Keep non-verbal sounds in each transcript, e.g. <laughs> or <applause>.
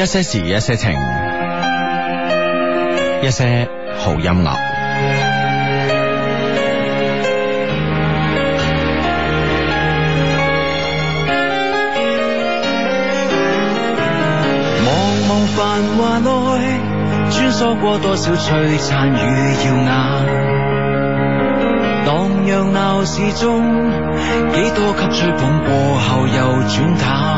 一些事，一些情，一些好音樂。茫茫繁華內，穿梭過多少璀璨與耀眼。蕩漾鬧市中，幾多級吹捧過後又轉淡。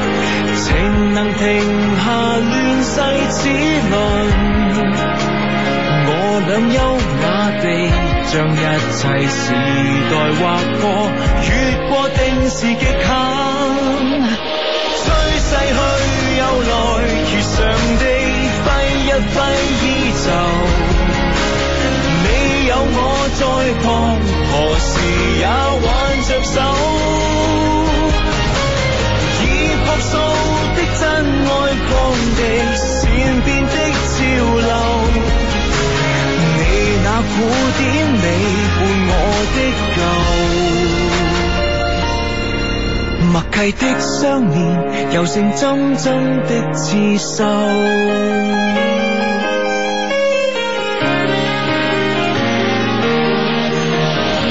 情能停下亂世之輪，我倆優雅地將一切時代劃破，越過定時極限。吹逝去又來，如上帝揮一揮衣袖，你有我在旁，何時也挽着手，已撲朔。的真愛降低善變的潮流，你那古典美伴我的舊，默契的相連，猶勝針針的刺繡。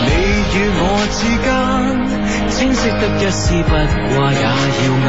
你與我之間，清晰得一絲不掛也耀眼。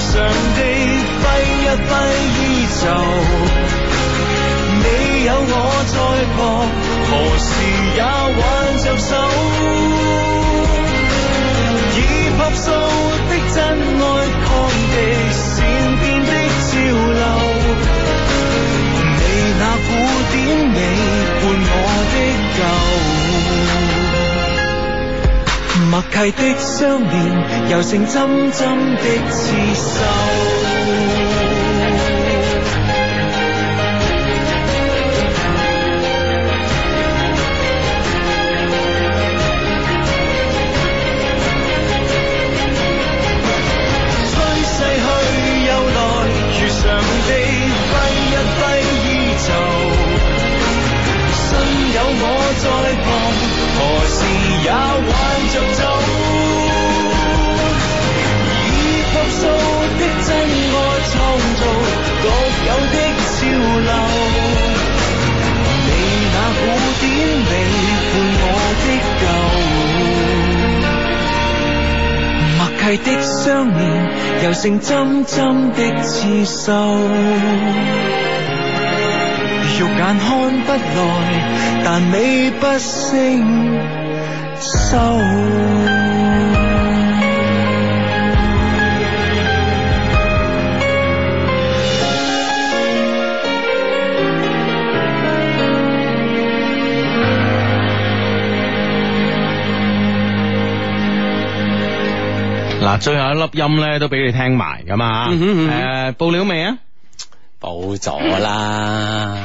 默契的相連，由成針針的刺繡。吹逝 <noise> 去又來，如上帝揮一揮衣袖，信有我在。.有的潮流，你那古典美伴我的舊，默契的相連，由成針針的刺繡，肉眼看不來，但美不勝收。嗱，最後一粒音咧都俾你聽埋噶嘛？誒、嗯嗯呃，報料未啊？報咗啦，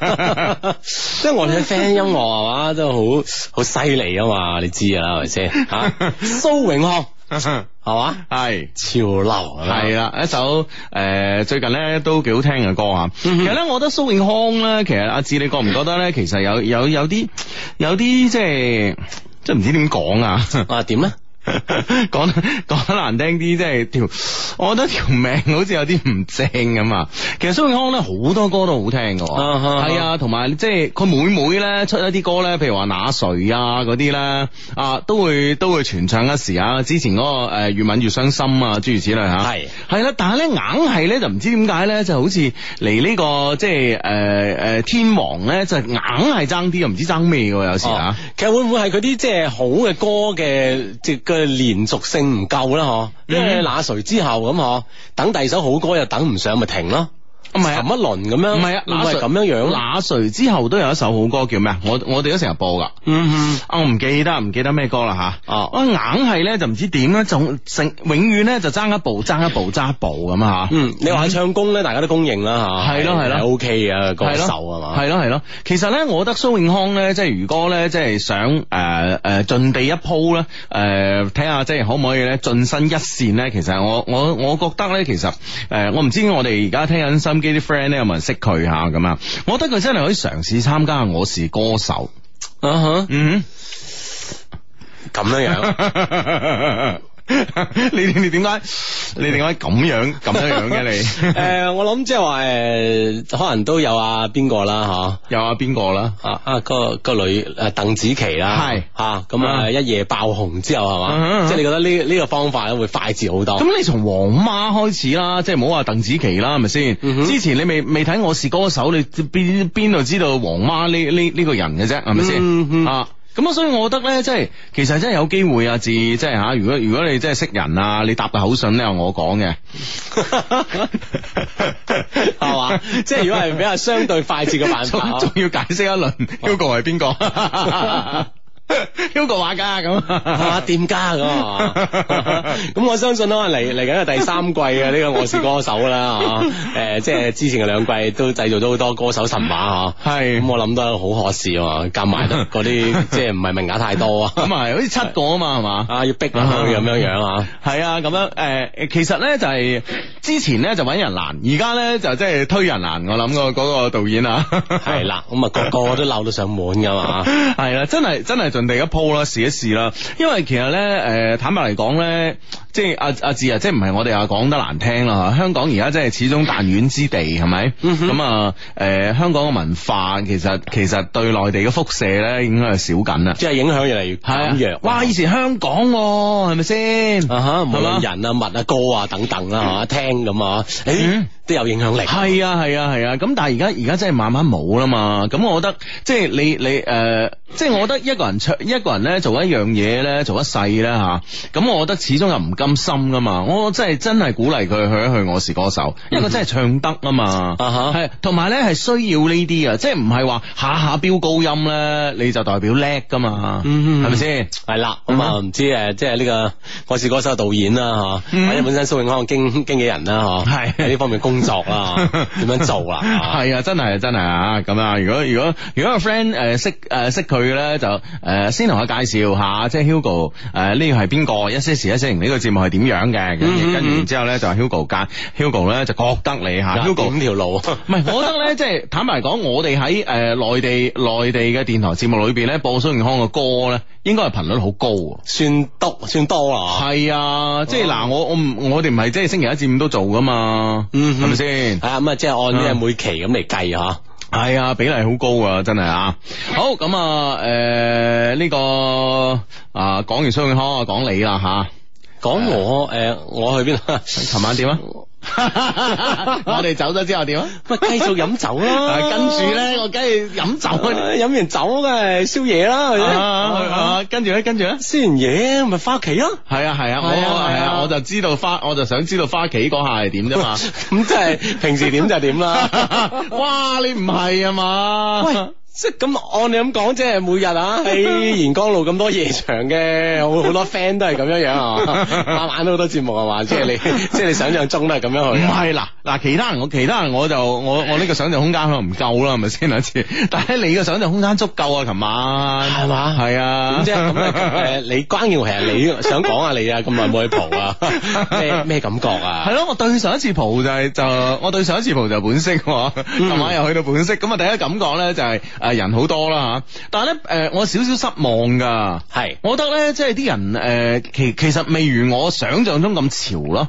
<laughs> <laughs> 即係我哋嘅 friend 音樂係嘛， <laughs> 都好好犀利啊嘛，你知啦係咪先？吓，蘇、啊、永康係嘛？係潮流係啦的、嗯哼，一首誒、呃，最近咧都幾好聽嘅歌啊。其實咧，我覺得蘇永康咧，其實阿志，你覺唔覺得咧？其實有有有啲有啲即係即係唔知點講啊？啊，點咧、 <laughs> 啊？講講 <laughs> 得，得難聽啲，即係條，我覺得條命好似有啲唔正咁啊！其實蘇永康咧好多歌都好聽嘅，係啊，同埋、啊嗯、即係佢妹妹咧出一啲歌咧，譬如話那誰啊嗰啲咧啊，都會都會傳唱一時啊。之前嗰，那個誒越吻越傷心啊，諸如此類吓，係係啦。但係咧硬係咧就唔知點解咧，就好似嚟呢個即係誒誒天王咧，就硬係爭啲，又唔知爭咩嘅有時啊。其實會唔會係嗰啲即係好嘅歌嘅即？佢嘅連續性唔夠啦，嗬 Yeah, yeah.、啊，你那誰之後咁嗬、啊，等第二首好歌又等唔上咪停咯。唔係、啊啊、一輪咁樣，唔係唔係咁樣樣。那誰、啊、之後都有一首好歌叫咩啊？我我哋都成日播噶。嗯嗯。我唔、嗯哼哦、記得唔記得咩歌啦嚇。啊，硬係咧就唔知點咧，總成永遠咧就爭一步，爭一步，爭一步咁嚇。啊、嗯，你話唱功咧，大家都公認啦嚇。係咯係咯。O K 啊，歌手係嘛？係咯係咯。其實咧，我覺得蘇永康咧，即係如果咧，即係想誒誒盡地一鋪咧，誒睇下即係可唔可以咧進身一線咧。其實我我我，我覺得咧，其實誒、呃、我唔知我哋而家聽緊心啲 friend 咧有冇人識佢吓咁啊？我覺得佢真係可以嘗試參加《我是歌手》啊、uh！哼、huh. mm，嗯，咁樣樣。你你點解你點解咁樣咁樣樣嘅你？誒、啊 <laughs> 呃，我諗即係話誒，可能都有啊，邊個啦吓，有啊，邊個啦啊啊，個個女誒鄧、啊、紫棋啦、啊，係吓咁一夜爆紅之後係嘛，啊啊啊、即係你覺得呢呢、呢個方法會快捷好多。咁、啊啊啊、你從黃媽開始啦，即係唔好話鄧紫棋啦，係咪先？嗯、哼之前你未未睇我是歌手，你邊邊度知道黃媽呢呢呢個人嘅啫，係咪先啊？咁啊，所以我覺得咧，即係其實真係有機會啊，至即係吓，如果如果你真係識人啊，你答個口信咧，我講嘅係嘛，即係如果係比較相對快捷嘅辦法，仲要解釋一輪，呢個係邊個？ <laughs> Hugo 話店家咁，咁我相信啊嚟嚟緊係第三季嘅呢個我是歌手啦，誒，即係之前嘅兩季都製造咗好多歌手神話吓，係，咁我諗都好可笑啊。夾埋嗰啲即係唔係名額太多，咁啊，好似七個啊嘛係嘛，啊要逼啊咁樣樣啊，係啊，咁樣，誒，其實咧就係之前咧就搵人難，而家咧就即係推人難，我諗個嗰個導演啊，係啦，咁啊個個都鬧到上門噶嘛，係啦，真係真係。人哋一鋪啦，試一試啦，因為其實咧，誒坦白嚟講咧，即係阿阿志啊，即係唔係我哋啊講得難聽啦嚇，香港而家真係始終彈丸之地，係咪？咁啊，誒香港嘅文化其實其實對內地嘅輻射咧，應該係少緊啦，即係影響越嚟越弱。哇！以前香港係咪先？人啊、物啊、歌啊等等啊，嚇，聽咁啊，誒都有影響力。係啊，係啊，係啊，咁但係而家而家真係慢慢冇啦嘛。咁我覺得即係你你誒，即係我覺得一個人一個人咧做一樣嘢咧做一世咧吓，咁我覺得始終又唔甘心噶嘛。我真係真係鼓勵佢去一去我是歌手，因為佢真係唱得啊嘛，係同埋咧係需要呢啲啊，即係唔係話下下飆高音咧，你就代表叻噶嘛，係咪先？係啦，咁啊唔知誒，即係呢個我是歌手嘅導演啦吓，或者本身蘇永康嘅經經紀人啦吓，喺呢方面工作啦，點樣做啦？係啊，真係真係啊，咁啊，如果如果如果個 friend 誒識誒識佢咧就誒。誒，先同佢介紹下，即係 Hugo，誒、呃，呢個係邊個？一些事，一些情，呢個節目係點樣嘅？跟住然之後咧，嗯嗯就 Hugo 加 Hugo 咧就覺得你吓 Hugo 咁條路、啊，唔 <laughs> 係我覺得咧，即、就、係、是、坦白講，我哋喺誒內地內地嘅電台節目裏邊咧，播蘇永康嘅歌咧，應該係頻率好高，算多算多啦，係啊，即係嗱、嗯嗯，我我我哋唔係即係星期一至五都做噶嘛，嗯，係咪先？係啊、嗯，咁啊、嗯，即係按呢係每期咁嚟計吓。係啊、哎，比例好高啊，真係啊。好，咁啊，誒、呃，呢、這個啊講完蘇永康，啊，講你啦吓，講、啊、我誒、呃，我去邊啊？尋 <laughs> 晚點啊？ <laughs> 我哋走咗之後點啊？咪繼續飲酒咯。跟住咧，我梗係飲酒，啊，飲，啊、完酒梗係宵夜啦。跟住咧，跟住咧，宵完嘢，咪翻屋企咯。係啊係啊，我係啊，我就知道翻，我就想知道翻屋企嗰下係點啫嘛。咁即係平時點就點啦。 <laughs> 哇，你唔係啊嘛？喂即咁按你咁講，即係每日啊喺沿江路咁多夜場嘅，我好多 friend 都係咁樣樣啊，晚晚都好多節目啊嘛。即係你，即係你想象中都係咁樣去。唔係嗱嗱，其他人我其他人我就我我呢個想象空間可能唔夠啦，係咪先兩次？但係你嘅想象空間足夠啊，琴晚係嘛係啊？咁即係咁誒，你關鍵其實係你想講啊，你咁耐冇去蒲啊，咩感覺啊？係咯、啊，我對上一次蒲就係、是、就我對上一次蒲就本色，琴晚又去到本色，咁啊第一感覺咧就係、是呃嗯人好多啦吓，但係咧誒我有少少失望噶，係是我覺得咧，即係啲人誒、呃、其其實未如我想象中咁潮咯。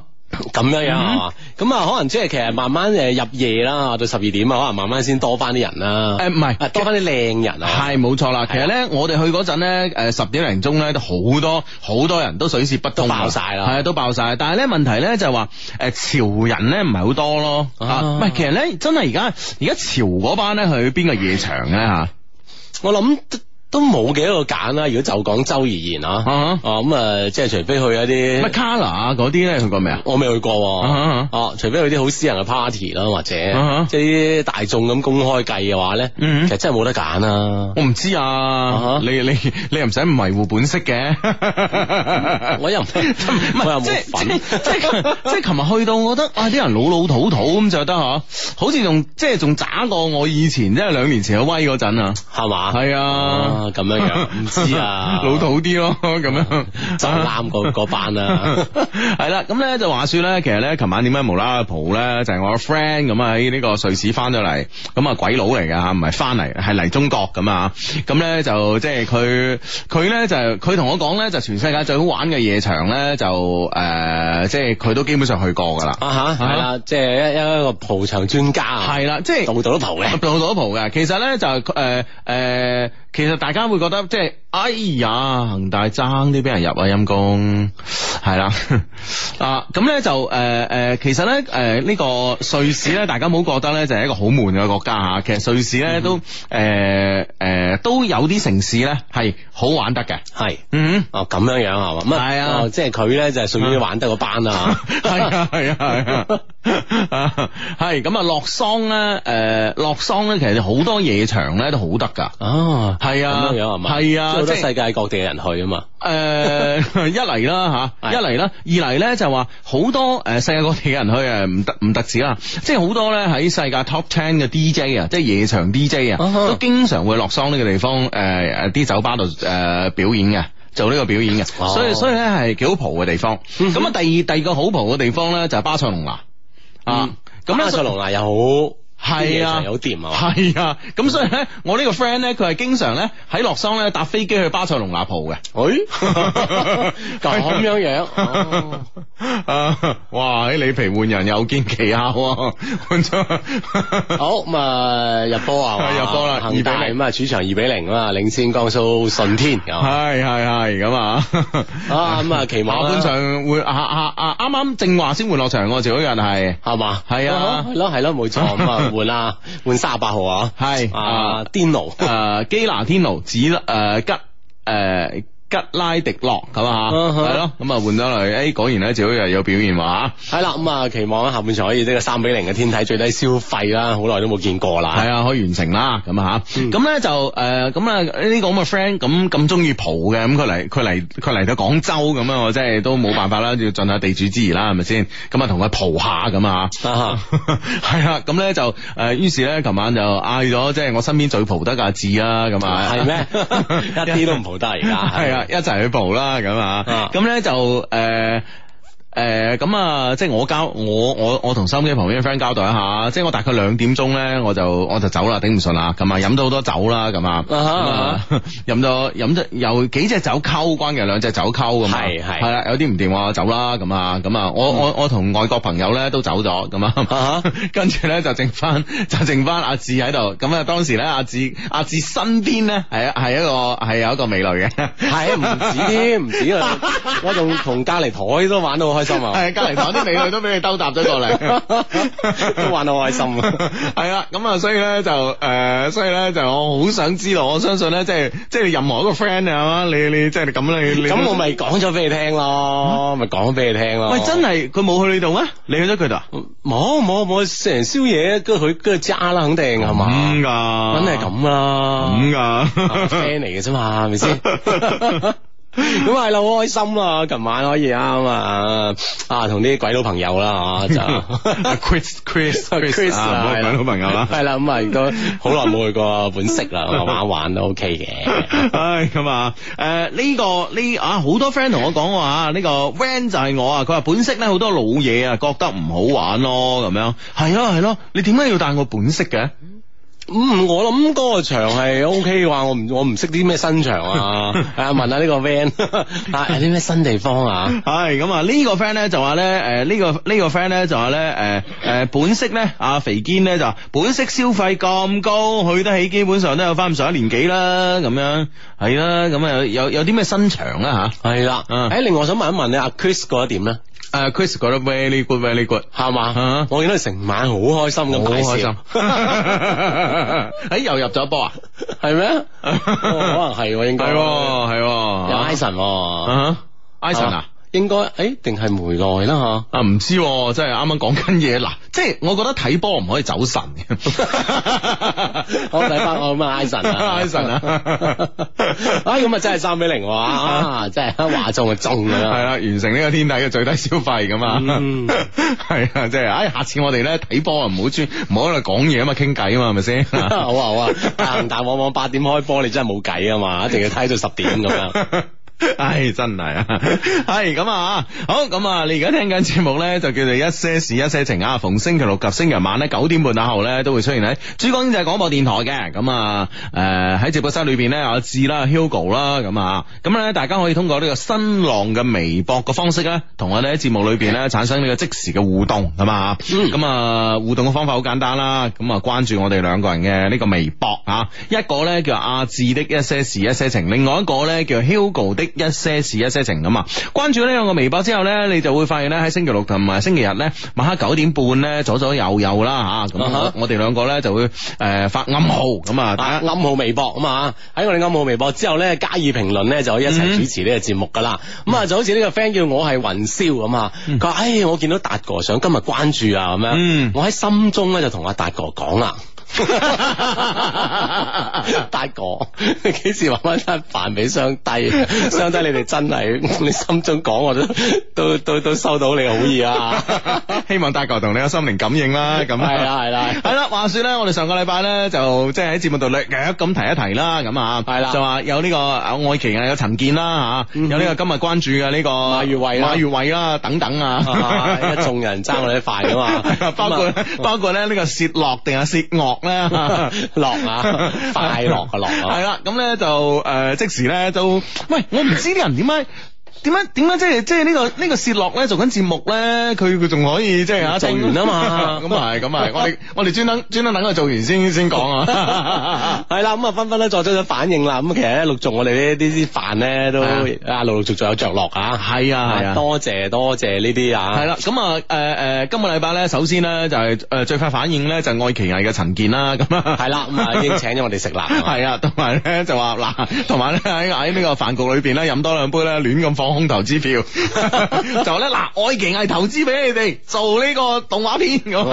咁樣樣啊，咁啊、嗯哼，可能即係其實慢慢誒入夜啦，到十二點啊，可能慢慢先多返啲人啦。誒、啊，唔係，多返啲靚人啊。係ャ，冇錯啦。的其實咧，我哋去嗰陣咧，誒、呃、十點零鐘咧都好多好多，多人都水泄不通，爆晒啦，係啊，都爆晒。但係咧問題咧就係、是、話，誒、呃、潮人咧唔係好多咯。啊，係、啊，其實咧真係而家而家潮嗰班咧去邊個夜場咧吓？ <music> 我諗。都冇幾多個揀啦，如果就廣州而言啊，哦咁啊，即係除非去一啲，乜係 Kara 嗰啲咧，去過未啊？我未去過，哦，除非去啲好私人嘅 party 咯，或者即係啲大眾咁公開計嘅話咧，其實真係冇得揀啦。我唔知啊，你你你又唔使迷糊本色嘅，我又唔，我又冇份，即係即係，琴日去到，我覺得啊，啲人老老土土咁就得嗬，好似仲即係仲渣過我以前即係兩年前嘅威嗰陣啊，係嘛？係啊。咁樣樣唔知啊， <laughs> 老土啲咯，咁樣就係啱過嗰班啦，係 <laughs> 啦，咁咧就話說咧，其實咧琴晚點解無啦啦蒲咧，就係、是、我個 friend 咁喺呢個瑞士翻咗嚟，咁啊鬼佬嚟噶吓，唔係翻嚟，係嚟中國咁啊，咁咧就即係佢佢咧就佢同我講咧，就，是就就是、全世界最好玩嘅夜場咧就誒，即係佢都基本上去過噶啦、啊，啊吓，係啦了，即係一一個蒲場專家，係啦，即係老土都蒲嘅，老土都蒲嘅，其實咧就係誒誒。呃呃呃其實大家會覺得，即係哎呀恆大爭啲俾人入啊，陰公係啦，啊，咁咧就誒誒，其實咧誒，呢個瑞士咧大家唔好覺得咧就係一個好悶嘅國家吓，其實瑞士咧都誒誒都有啲城市咧係好玩得嘅，係，嗯，哦，咁樣樣係嘛，咁係啊，即係佢咧就係屬於玩得嗰班啊，係啊，係啊，係啊，係咁，啊洛桑咧誒，洛桑咧其實好多夜場咧都好得噶啊。係啊，咁樣樣係嘛，係啊，即係世界各地嘅人去啊嘛。誒、呃，一嚟啦吓， <laughs> 一嚟啦，二嚟咧就話、是、好多誒，世界各地嘅人去誒，唔得唔得止啦，即係好多咧喺世界 top ten 嘅 DJ 啊，即係夜場 DJ 啊、哦，都經常會落桑呢個地方誒誒啲酒吧度誒表演嘅，做呢個表演嘅、哦，所以所以咧係幾好蒲嘅地方。咁啊、嗯，第二第二個好蒲嘅地方咧就係巴塞隆拿、嗯、啊，咁巴塞隆拿又好。係啊，有掂啊，係啊，咁所以咧，我呢個 friend 咧，佢係經常咧喺洛杉磯咧搭飛機去巴塞隆拿浦嘅。誒，咁樣樣。哇，啲里皮換人有見奇效。好，咁啊入波啊，入波啦，恒大，二比零，咁啊主場二比零啊，領先江蘇舜天。係係係，咁啊，咁啊，騎馬般上會啊啊啊，啱啱正話先換落場，趙啟仁係，係嘛，係啊，係咯係咯，冇錯咁啊。換啊，換三十八號啊，係 <laughs> 啊，天奴，誒，基拿天奴，指誒吉，誒。吉拉迪洛，咁啊，係咯，咁啊換咗嚟，誒，果然咧就好又有表現話，係啦，咁、嗯、啊期望喺下半場可以呢個三比零嘅天體最低消費啦，好耐都冇見過啦，係啊，可以完成啦，咁啊，咁咧、嗯、就誒，咁啊呢個咁嘅 friend 咁咁中意蒲嘅，咁佢嚟佢嚟佢嚟到廣州咁啊，我真係都冇辦法啦，要盡下地主之誼啦，係咪先？咁啊同佢蒲下咁啊，係 <laughs> 啊，咁咧就誒，於是咧琴晚就嗌咗，即係我身邊最蒲得嘅阿智啊，咁啊，係 <laughs> 咩但？一啲都唔蒲得而家，係啊。一齊去報啦，咁啊，咁咧就誒。呃誒，咁啊、呃，即係我交我我我同收音機旁邊嘅 friend 交代一下，即係我大概兩點鐘咧，我就我就走啦，頂唔順啦，咁啊，飲咗好多酒啦，咁啊，飲咗飲咗有幾隻酒溝關嘅兩隻酒溝咁啊，係係係啦，有啲唔掂，我走啦，咁啊咁啊，我我我同外國朋友咧都走咗，咁啊，跟住咧就剩翻就剩翻阿志喺度，咁啊當時咧阿志阿志身邊咧係係一個係有一個美女嘅，係唔止添，唔止，我仲同隔籬台都玩到心啊！係隔籬台啲美女都俾你兜搭咗過嚟，都玩到開心啊！係啦，咁啊，所以咧就誒、呃，所以咧就我好想知道，我相信咧、即係，即係即係任何一個 friend 啊，你你即係咁你，咁我咪講咗俾你聽咯，咪講咗俾你聽咯。喂，真係佢冇去你度啊？你去咗佢度啊？冇冇冇食人宵夜，跟住佢跟住揸，啦，肯定係嘛？咁噶，肯定係咁啦，咁噶嚟嘅啫嘛，係咪先？咁係啦，好、 <laughs> <laughs> 嗯、開心啊！琴晚可以啱、嗯、啊，啊同啲鬼佬朋友啦、啊，就 Chris，Chris，Chris 啦，鬼佬、 <laughs> <laughs> 啊、朋友啦，係啦，咁啊，都好耐冇去過本色啦，玩玩都 OK 嘅。唉，咁啊，誒呢個呢啊好多 friend 同我講話呢個 Van 就係我啊，佢話本色咧好多老嘢啊覺得唔好玩咯，咁、嗯、樣係咯係咯，你點解要帶我本色嘅？嗯， <music> 我諗嗰個場係 O K 嘅話，我唔我唔識啲咩新場啊？係 <laughs> <laughs> 啊，問下呢個 van 啲咩新地方啊？係咁、這個呃這個這個呃、啊，呢個 friend 咧就話咧，誒呢個呢個 friend 咧就話咧，誒誒本色咧，阿肥堅咧就話本色消費咁高，去得起基本上都有翻咁上下年紀啦，咁樣係啦，咁啊有有啲咩新場啊？吓、啊，係啦、啊，誒，另外我想問一問,問你阿 Chris 嗰一點咧？誒，Chris 覺得 very good，very good，係嘛？我見到佢成晚好開心咁，好開心。哎，又入咗一波啊？係咩？可能係應該係，係有 Isen，Isen 啊？應該誒，定係梅內、啊啊就是、啦吓，唔知，真係啱啱講緊嘢嗱，即係我覺得睇波唔可以走神， <laughs> <laughs> 好，睇翻我咁嘅埃神，埃神、 <laughs> <laughs> 哎、 <laughs> <laughs> 啊，咁啊真係三比零哇，真係話中啊中啊，係啦，完成呢個天底嘅最低消費咁、嗯、 <laughs> 啊，係啊，即係，哎，下次我哋咧睇波啊，唔好專，唔好喺度講嘢啊嘛，傾偈啊嘛，係咪先？好啊好啊，但 <laughs> 往往八點開波，你真係冇計啊嘛，一定要睇到十點咁樣。 <laughs> <laughs> 唉、 <laughs> 哎，真係啊！係 <laughs> 咁啊，好咁啊，你而家聽緊節目呢，就叫做一些事，一些事，一些情啊。逢星期六及星期晚呢，九點半後呢，都會出現喺珠江經濟廣播電台嘅。咁啊，誒喺直播室裏邊呢，阿志啦、Hugo 啦，咁啊，咁呢，大家可以通過呢個新浪嘅微博嘅方式呢，同我哋喺節目裏邊呢，產生呢個即時嘅互動，係嘛？咁、嗯、啊，互動嘅方法好簡單啦，咁啊關注我哋兩個人嘅呢個微博啊，一個呢，叫阿志的一些事一些情，另外一個呢，個叫 Hugo 的。 <laughs> 一些事一些情咁啊！關注呢兩個微博之後咧，你就會發現咧，喺星期六同埋星期日咧，晚黑九點半咧，左左右右啦吓咁，啊啊、我哋兩個咧，就會誒發暗號咁啊，暗號微博啊嘛。喺我哋暗號微博之後咧，加以評論咧，就可以一齊主持呢個節目噶啦。咁、嗯、哼啊，就好似呢個 friend 叫我係雲霄咁啊，佢話唉、哎、我見到達哥想今日關注啊咁樣，嗯、我喺心中咧，就同阿達哥講啦。大 <laughs> 哥，相相，你幾時話返餐飯俾雙帝？雙帝，你哋真係你心中講，我都都都都收到你好意啊！ <laughs> 希望大哥同你有心靈感應啦。咁係啦係啦，係啦。話說咧，我哋上個禮拜咧就即係喺節目度略咁提一提啦。咁啊，係啦的，就話有呢個阿愛奇藝有陳建啦吓，有呢、嗯、哼個今日關注嘅呢個馬月慧啦，啊啊，等等啊。因為眾人爭我哋塊啊嘛， <laughs> 包括那包括咧呢 <laughs> 個薛樂定係薛岳。咧樂啊， <laughs> 快樂嘅樂啊。係啦，咁咧就誒、呃、即時咧就喂，我唔知啲人點解。點解？點解？即係即係呢個呢個洩落咧做緊節目咧，佢佢仲可以即係啊，做完啊嘛，咁係咁係我哋 <laughs> 我哋專登專登等佢做完先先講啊，係啦，咁啊紛紛咧作出咗反應啦，咁其實咧陸續我哋呢啲啲飯咧都啊陸陸續續有着落啊，係啊多謝啊多謝呢啲啊係啦，咁啊誒誒今個禮拜咧首先咧就係誒最快反應咧就愛奇藝嘅陳建啦咁係啦咁啊已經請咗我哋食啦，係啊同埋咧就話嗱同埋咧喺喺呢個飯局裏邊咧飲多兩杯咧亂咁。放空投資票 <laughs> 就咧嗱，愛奇藝投資俾你哋做呢個動畫片咁，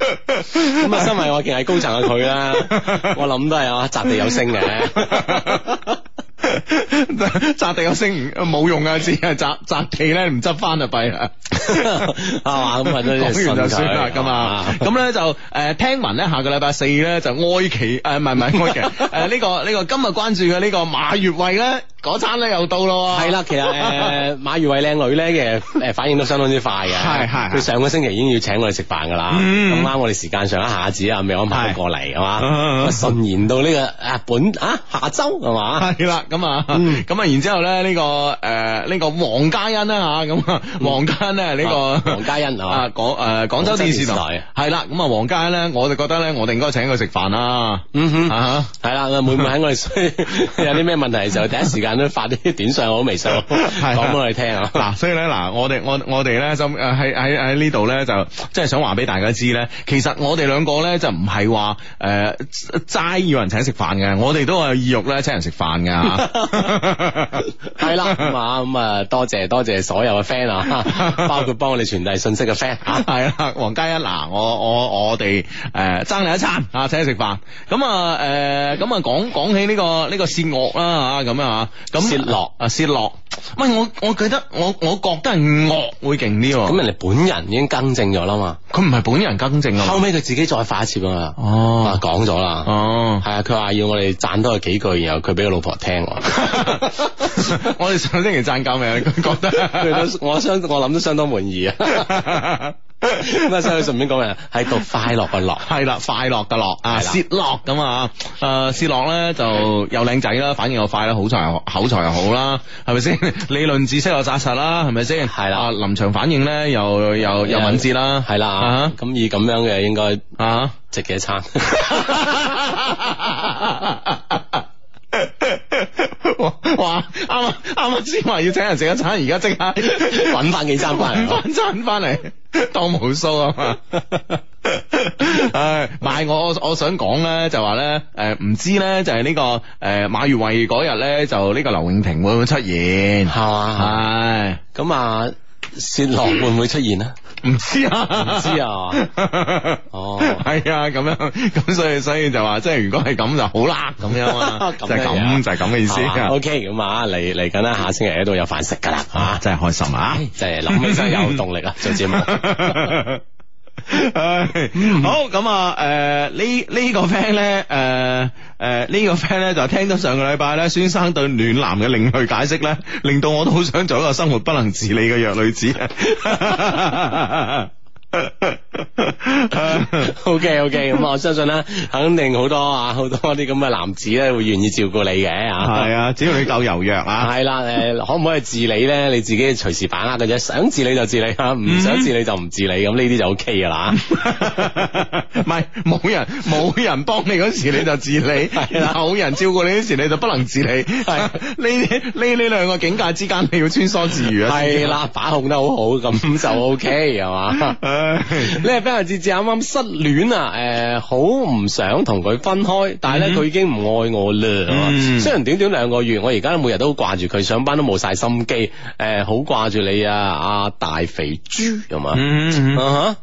咁啊，身為愛奇藝高層嘅佢啦，我諗都係啊，擲地有聲嘅，擲 <laughs> 地有聲冇用啊，只係擲擲地咧唔執翻就弊啦，係嘛？咁係咁講完就算啦，咁啊，咁咧、啊、就誒、呃，聽聞咧下個禮拜四咧就愛奇誒，唔係唔係愛奇誒，呢、 <laughs> 呃這個呢、這個今日關注嘅呢個馬月慧咧。嗰餐咧又到咯，係啦，其實誒馬如慧靚女咧嘅誒反應都相當之快嘅，係係，佢上個星期已經要請我哋食飯噶啦，咁啱我哋時間上一下子啊未安排過嚟係嘛，順延到呢個誒本啊下周係嘛，係啦，咁咁啊然之後咧呢個誒呢個黃嘉欣啦吓，咁黃嘉欣咧呢個黃嘉欣係嘛廣誒廣州電視台係啦，咁啊黃嘉欣咧我哋覺得咧我哋應該請佢食飯啦。嗯哼，係啦，會唔會喺我哋有啲咩問題嘅時候第一時間。都發啲短信我都未收到，講俾你聽啊！嗱，所以咧，嗱，我哋我我哋咧就誒喺喺喺呢度咧就，即係想話俾大家知咧，其實我哋兩個咧就唔係話誒齋要人請食飯嘅，我哋都係意欲咧請人食飯嘅，係啦，咁啊咁啊多謝多謝所有嘅 friend，包括幫我哋傳遞信息嘅 friend，係啦，黃佳一嗱，我我我哋誒爭你一餐啊，請你食飯，咁啊誒咁啊講講起呢個呢個善惡啦啊咁啊。咁薛落，啊，薛洛，喂，我我記得我我覺得係惡會勁啲喎。咁人哋本人已經更正咗啦嘛，佢唔係本人更正啊，後尾佢自己再發一次啊。哦，講咗啦。哦，係啊，佢話要我哋讚多佢幾句，然後佢俾個老婆聽我。 <laughs> <laughs> 我哋上星期讚夠未？覺得 <laughs> 都我相我諗都相當滿意啊。 <laughs> 唔係，就喺上面講嘅，喺讀快樂嘅樂，係啦，快樂嘅樂啊，薛樂咁啊，誒，薛樂咧就又靚仔啦，反應又快啦，口才又好口才又好啦，係咪先？ <laughs> 理論知識又扎實啦，係咪先？係啦的，啊、臨場反應咧又又又敏捷啦，係啦，咁、uh huh? 以咁樣嘅應該啊，值幾餐？Uh huh? <laughs> 話啱啱啱先話要請人食一餐，而家即刻搵翻幾餐翻，翻餐翻嚟 <laughs> 當冇數啊嘛！唉 <laughs> 是，但係我我想講咧，就話咧，誒，唔知咧就係呢個誒馬如慧嗰日咧就呢個劉永婷會唔會出現係嘛？係咁吧是啊。雪落會唔會出現咧？唔知啊，唔知啊。 <laughs> 哦，係啊，咁樣，咁所以所以就話，即係如果係咁就好啦，咁樣啊， <laughs> 就係咁，就係咁嘅意思，啊啊。OK，咁啊，嚟嚟緊啦，下星期喺度有飯食噶啦，啊，啊真係開心啊，即係諗起身有動力啊， <laughs> 做節目。 <laughs> 唉， <laughs> <laughs> 好咁啊！誒，呢、呃、呢、這個 friend 咧，誒誒呢個 friend 咧、呃，就、呃這個呃這個呃、聽到上個禮拜咧，孫生對暖男嘅另類解釋咧，令到我都好想做一個生活不能自理嘅弱女子。 <laughs> <laughs> O K O K，咁我相信啦，肯定好多啊，好多啲咁嘅男子咧會願意照顧你嘅啊。係啊，只要你夠柔弱啊。係啦，誒，可唔可以自理咧？你自己隨時把握嘅啫，想自理就自理，唔想自理就唔自理。咁呢啲就 O K 噶啦。唔係，冇人冇人幫你嗰時你就自理，冇人照顧你嗰時你就不能自理。係呢呢呢兩個境界之間你要穿梭自如啊。係啦，把控得好好，咁就 O K 係嘛。你係非常之之啱啱失戀啊！誒、呃，好唔想同佢分開，但係咧佢已經唔愛我啦、嗯。雖然短短兩個月，我而家每日都掛住佢，上班都冇晒心機。誒、呃，好掛住你啊！阿、啊、大肥豬，咁嘛？咁、嗯嗯啊、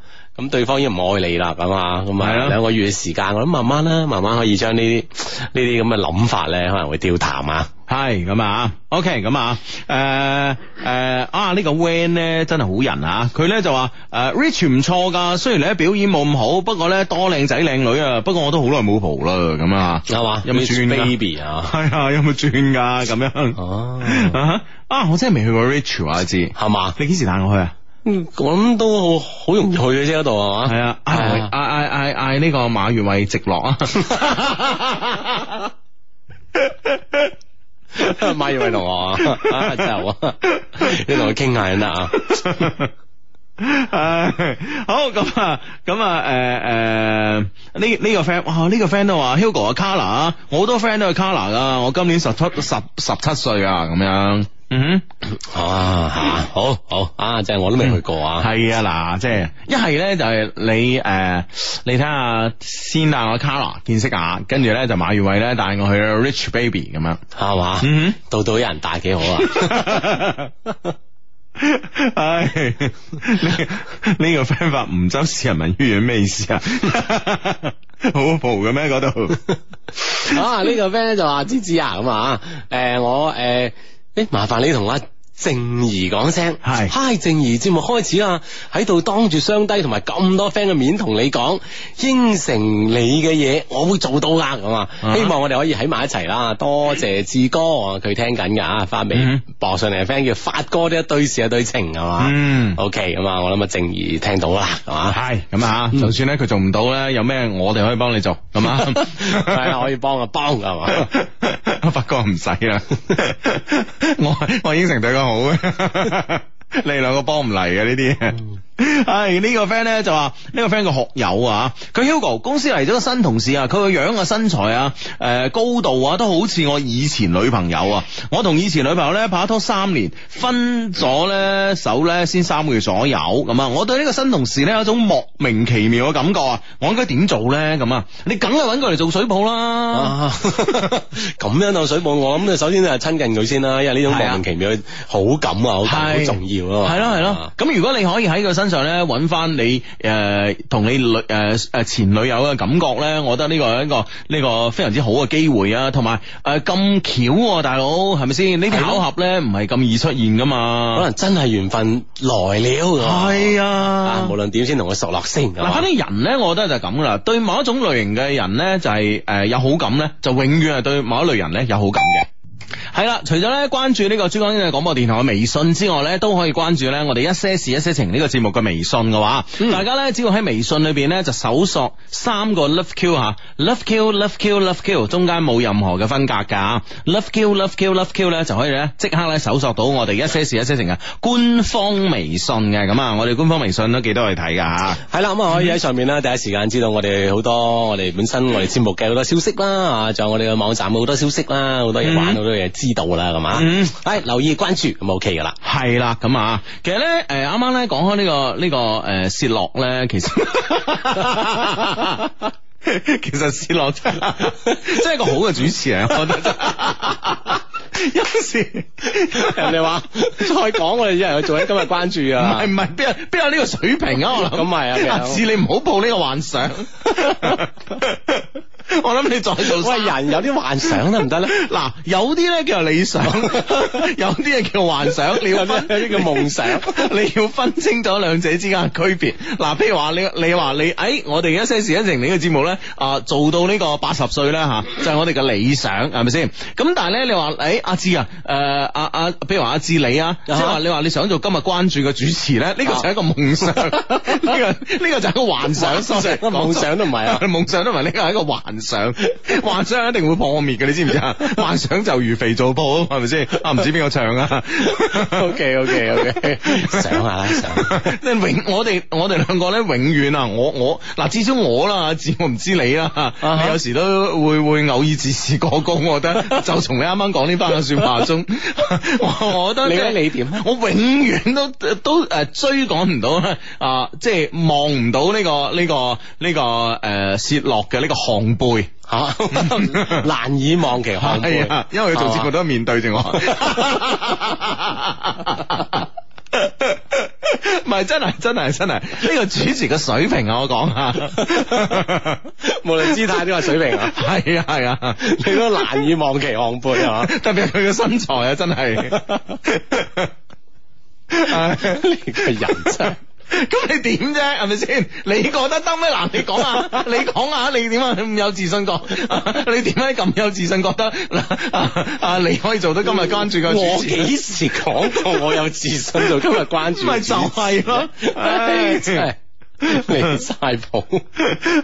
對方已經唔愛你啦。咁啊，咁啊，兩個月嘅時間，我諗慢慢啦，慢慢可以將呢啲呢啲咁嘅諗法咧，可能會掉淡啊。係咁啊，OK，咁啊，誒誒啊，這個、呢個 Van 咧真係好人啊，佢咧就話誒、啊、，Rich 唔錯噶，雖然你啲表演冇咁好，不過咧多靚仔靚女啊，不過我都好耐冇蒲啦，咁啊，係嘛，有冇轉 baby 啊？係有冇轉噶？咁樣啊？啊，我真係未去過 Rich，話你知，係嘛嗎？你幾時帶我去啊？我都好容易去嘅，即係嗰度係啊，嗌嗌嗌嗌呢個馬月慧直落啊！ <laughs> 馬二位同學啊，真係好，你同佢傾下先得啊。唉，好咁啊，咁啊，誒誒，呢呢個 friend 哇，呢個 friend 都話 Hugo 啊，Kara 啊，我好多 friend 都係 Kara 噶，我今年十七十十七歲啊，咁樣。嗯哼，啊，啊，好，好，啊，即係我都未去過啊，係、嗯、啊，嗱，即係一係咧就係、是、你誒、呃，你睇下先帶我 Carla 見識下，跟住咧就馬月偉咧帶我去 Rich Baby 咁樣，係嘛、啊，嗯哼，度度有人帶，幾好啊，唉、 <laughs> 哎，呢、這、呢個 friend 話梧州市人民醫院咩意思啊， <laughs> 好暴嘅咩嗰度，啊，呢個 friend 咧就話芝芝啊咁啊，誒、這個啊呃，我誒。呃呃呃呃誒、哎，麻煩你同我、啊。靜兒講聲係，嗨是，靜兒節目開始啦，喺度當住雙低同埋咁多 friend 嘅面同你講，應承你嘅嘢我會做到噶，咁啊，希望我哋可以喺埋一齊啦。多謝志哥，佢聽緊嘅啊，發俾播上嚟嘅 friend 叫發哥，呢一些事一些情係嘛，嗯，OK，咁啊，我諗阿靜兒聽到啦，係嘛，係咁啊，就算咧佢做唔到咧，有咩我哋可以幫你做，咁啊，係 <laughs> <laughs> 可以幫啊幫噶係嘛，阿 <laughs> 發哥唔使啊， <laughs> 我我應承對個。好，你兩個幫唔嚟嘅呢啲。係呢個 friend 咧，就話呢個 friend 個學友啊，佢 Hugo 公司嚟咗個新同事啊，佢個樣啊、身材啊、誒、呃、高度啊，都好似我以前女朋友啊。我同以前女朋友咧拍拖三年，分咗咧手咧先三個月左右咁啊。我對呢個新同事咧有種莫名其妙嘅感覺啊，我應該點做咧咁啊？你梗係搵佢嚟做水泡啦。咁樣啊， <laughs> 樣水泡我咁你首先係親近佢先啦，因為呢種莫名其妙嘅，啊、好感啊，好感、啊、重要咯。係咯係咯，咁、啊啊、如果你可以喺個身。上咧揾翻你誒，同、呃、你女誒誒前女友嘅感覺咧，我覺得呢、這個係一個呢個非常之好嘅機會、呃、啊，同埋誒咁巧，大佬係咪先？呢啲吧巧合咧唔係咁易出現噶嘛，可能真係緣分來了。係啊，啊，無論點先同佢熟落先。嗱、啊，反啲人咧，我覺得就係咁啦。對某一種類型嘅人咧，就係、是、誒、呃、有好感咧，就永遠係對某一類人咧有好感嘅。係啦，除咗咧關注呢個珠江經濟廣播電台嘅微信之外咧，都可以關注咧我哋一些事一些情呢個節目嘅微信嘅話，嗯、大家咧只要喺微信裏邊咧就搜索三個 love q 吓 love q，love q love q love q，中間冇任何嘅分隔噶，love q love q love q 咧就可以咧即刻咧搜索到我哋一些事一些情嘅官方微信嘅，咁啊我哋官方微信都幾多去睇噶吓。係啦、嗯，咁啊可以喺上面咧第一時間知道我哋好多我哋本身我哋節目嘅好多消息啦，啊仲有我哋嘅網站好多消息啦，好多嘢玩。嗯都嘢知道啦，咁、嗯、啊，係留意關注咁 ok 噶啦，係、呃、啦，咁啊、這個這個呃，其實咧，誒，啱啱咧講開呢個呢個誒，薛樂咧，其實其實薛樂真係 <laughs> 真係一個好嘅主持人， <laughs> 我覺得， <laughs> 有時 <laughs> 人哋話，再講我哋一人去做緊今日關注啊，唔係唔係，邊有邊有呢個水平啊， <laughs> 我諗咁係，阿志你唔好抱呢個幻想。 <laughs> 我諗你再做，喂人有啲幻想得唔得咧？嗱， <laughs> <laughs> <laughs> 有啲咧叫理想，有啲嘢叫幻想，你要分 <laughs> 有啲叫夢想， <laughs> <laughs> 你要分清楚兩者之間嘅區別。嗱， <laughs> 譬如話你你話你，誒、哎，我哋一些事一些情呢個節目咧、呃，啊，做到呢個八十歲啦吓，就係、是、我哋嘅理想，係咪先？咁但係咧，你話誒阿志啊，誒阿阿，譬、啊啊、如話阿志你，即係話你話你想做今日關注嘅主持咧，呢 <laughs> 個就係一個夢想，呢、 <laughs> 呢個呢、呢個就係一個幻想，想 <laughs> 夢想都唔係啊，夢想都唔係呢個係一個幻。想幻想一定會破滅嘅，你知唔知啊？幻想就如肥皂泡，係咪先？啊，唔知邊個唱啊？OK OK OK，想啊想，即係永我哋我哋兩個咧，永遠啊，我我嗱至少我啦，至少我唔知你啦，有時都會會偶爾自視過高，我覺得就從你啱啱講呢番嘅說話中，我覺得你你點？我永遠都都誒追趕唔到啦啊！即係望唔到呢個呢個呢個誒洩落嘅呢個航班。背吓，啊、 <laughs> 難以望其項背、啊，因為佢做節目、啊、都面對住我，唔 <laughs> 係 <laughs> 真係真係真係，呢、這個主持嘅水平我講下，無 <laughs> 論 <laughs> 姿態呢個水平啊，係啊係啊，啊啊 <laughs> 你都難以望其項背啊， <laughs> 特別佢嘅身材啊，真係，唉，呢個人真。 <laughs> 咁你點啫，係咪先？你覺得得咩？嗱，你講啊，你講啊，你點啊你唔有自信講？你點解咁有自信覺得？啊啊，你可以做到今日關注嘅主持？我幾時講過我有自信做今日關注？咪 <laughs> 就係咯，唉 <laughs> <laughs> 了泡，離晒譜，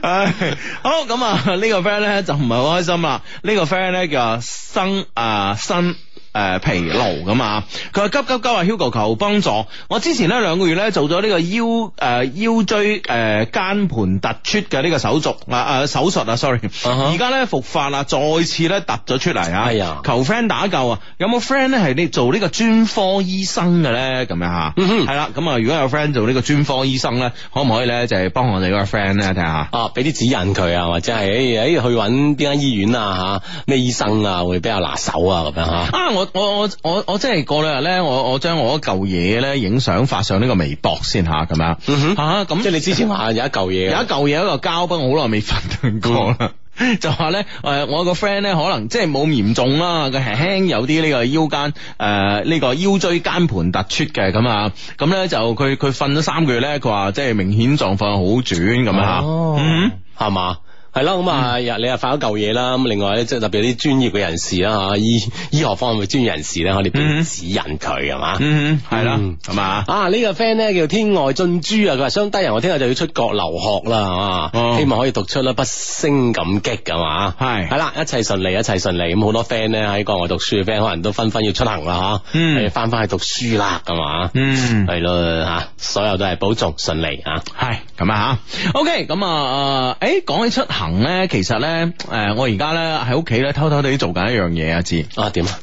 唉，好咁啊，呢個 friend 咧就唔係好開心啦。呢個 friend 咧叫生啊，新。誒、呃，疲勞㗎嘛？佢話急急急話 Hugo 求幫助。我之前呢兩個月咧做咗呢個腰誒、呃、腰椎誒間盤突出嘅呢個手術啊啊手術啊，sorry。而家咧復發啦，再次咧突咗出嚟啊。係啊、uh，huh. 求 friend 打救啊！有冇 friend 咧係你做呢個專科醫生嘅咧？咁樣吓，係啦、uh。咁、huh. 啊，如果有 friend 做呢個專科醫生咧，可唔可以咧就係、是、幫我哋個 friend 咧睇下啊，俾啲指引佢啊，或者係誒、欸、去揾邊間醫院啊吓，咩醫生啊會比較，比較拿手啊咁樣吓。啊。我我我我即係過兩日咧，我我將我一舊嘢咧影相發上呢個微博先吓，咁、啊、樣，吓咁、嗯哼，啊、即係你之前話有一舊嘢、啊，有一舊嘢一個膠骨，我好耐未瞓過啦， <laughs> 就話咧誒，我個 friend 咧可能即係冇嚴重啦，佢輕輕有啲呢個腰間誒呢個腰椎間盤突出嘅咁，咁咧就佢佢瞓咗三個月咧，佢話即係明顯狀況好轉咁樣吓，哦、嗯，係嘛。係啦，咁啊，你又翻咗舊嘢啦。咁另外咧，即係特別啲專業嘅人士啦，吓醫醫學方面嘅專業人士咧，我哋俾指引佢係嘛，係啦，咁嘛。啊，呢個 friend 咧叫天外駿珠啊，佢話相低人，我聽日就要出國留學啦，啊，希望可以讀出一不勝感激噶嘛。係係啦，一切順利，一切順利。咁好多 friend 咧喺國外讀書嘅 friend，可能都紛紛要出行啦，吓，要翻翻去讀書啦，咁嘛，嗯，係咯，吓，所有都係保重順利啊。係咁啊，吓，OK，咁誒，講起出行。行咧，其實咧，誒，我而家咧喺屋企咧，偷偷哋做緊一樣嘢啊，知 <laughs> 啊，點啊，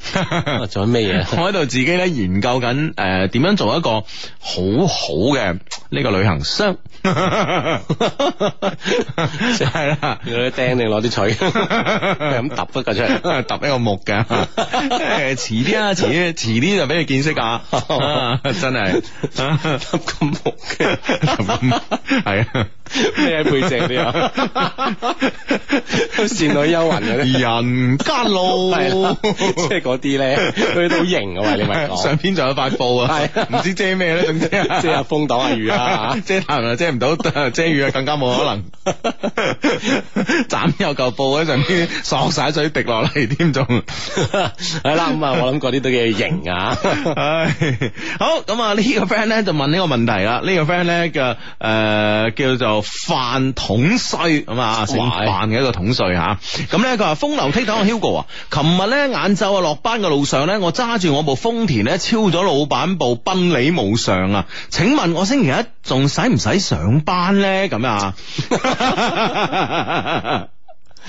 做緊咩嘢？我喺度自己咧研究緊，誒、哦，點樣做一個好好嘅呢個旅行箱？係啦，你釘你攞啲錘，咁揼得個出嚟，揼一個木嘅。誒，遲啲啊，遲 <laughs> 啲，遲啲就俾你見識噶，真係揼個木嘅，係啊，咩配脊啲啊？都倩女幽魂嗰啲，人家路即係嗰啲咧，佢都型啊嘛！你咪講上邊仲有塊布啊，係唔知遮咩咧？總之遮風擋雨啊，遮太陽遮唔到，遮雨啊更加冇可能。枕有嚿布喺上邊，爽晒水滴落嚟添，仲係啦。咁啊，我諗嗰啲都幾型啊。唉，好咁啊，呢個 friend 咧就問呢個問題啦。呢個 friend 咧叫誒，叫做飯桶衰咁啊。辦嘅一個統帥吓，咁咧佢話，風流倜儻嘅 Hugo 啊，琴日，咧晏晝啊落班，嘅路上咧，我揸住我部豐田咧超咗老闆部賓利冇上啊，請問我星期一仲使唔使上班咧？咁啊。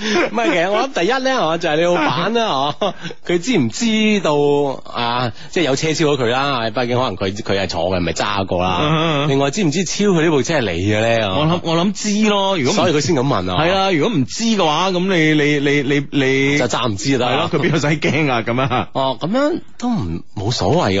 唔係， <laughs> 其實我諗第一咧，我就係、是、你老闆啦，嗬、啊？佢知唔知道啊？即係有車超咗佢啦，畢竟可能佢佢係坐嘅，唔係揸過啦。啊啊、另外，知唔知超佢呢部車係你嘅咧？我諗我諗知咯。如果 <laughs> 所以佢先咁問啊？係 <laughs> 啊，如果唔知嘅話，咁你你你你你就揸唔知就得咯。佢邊有使驚啊？咁樣啊？哦、 <laughs> 啊，咁樣都唔冇所謂。 <laughs>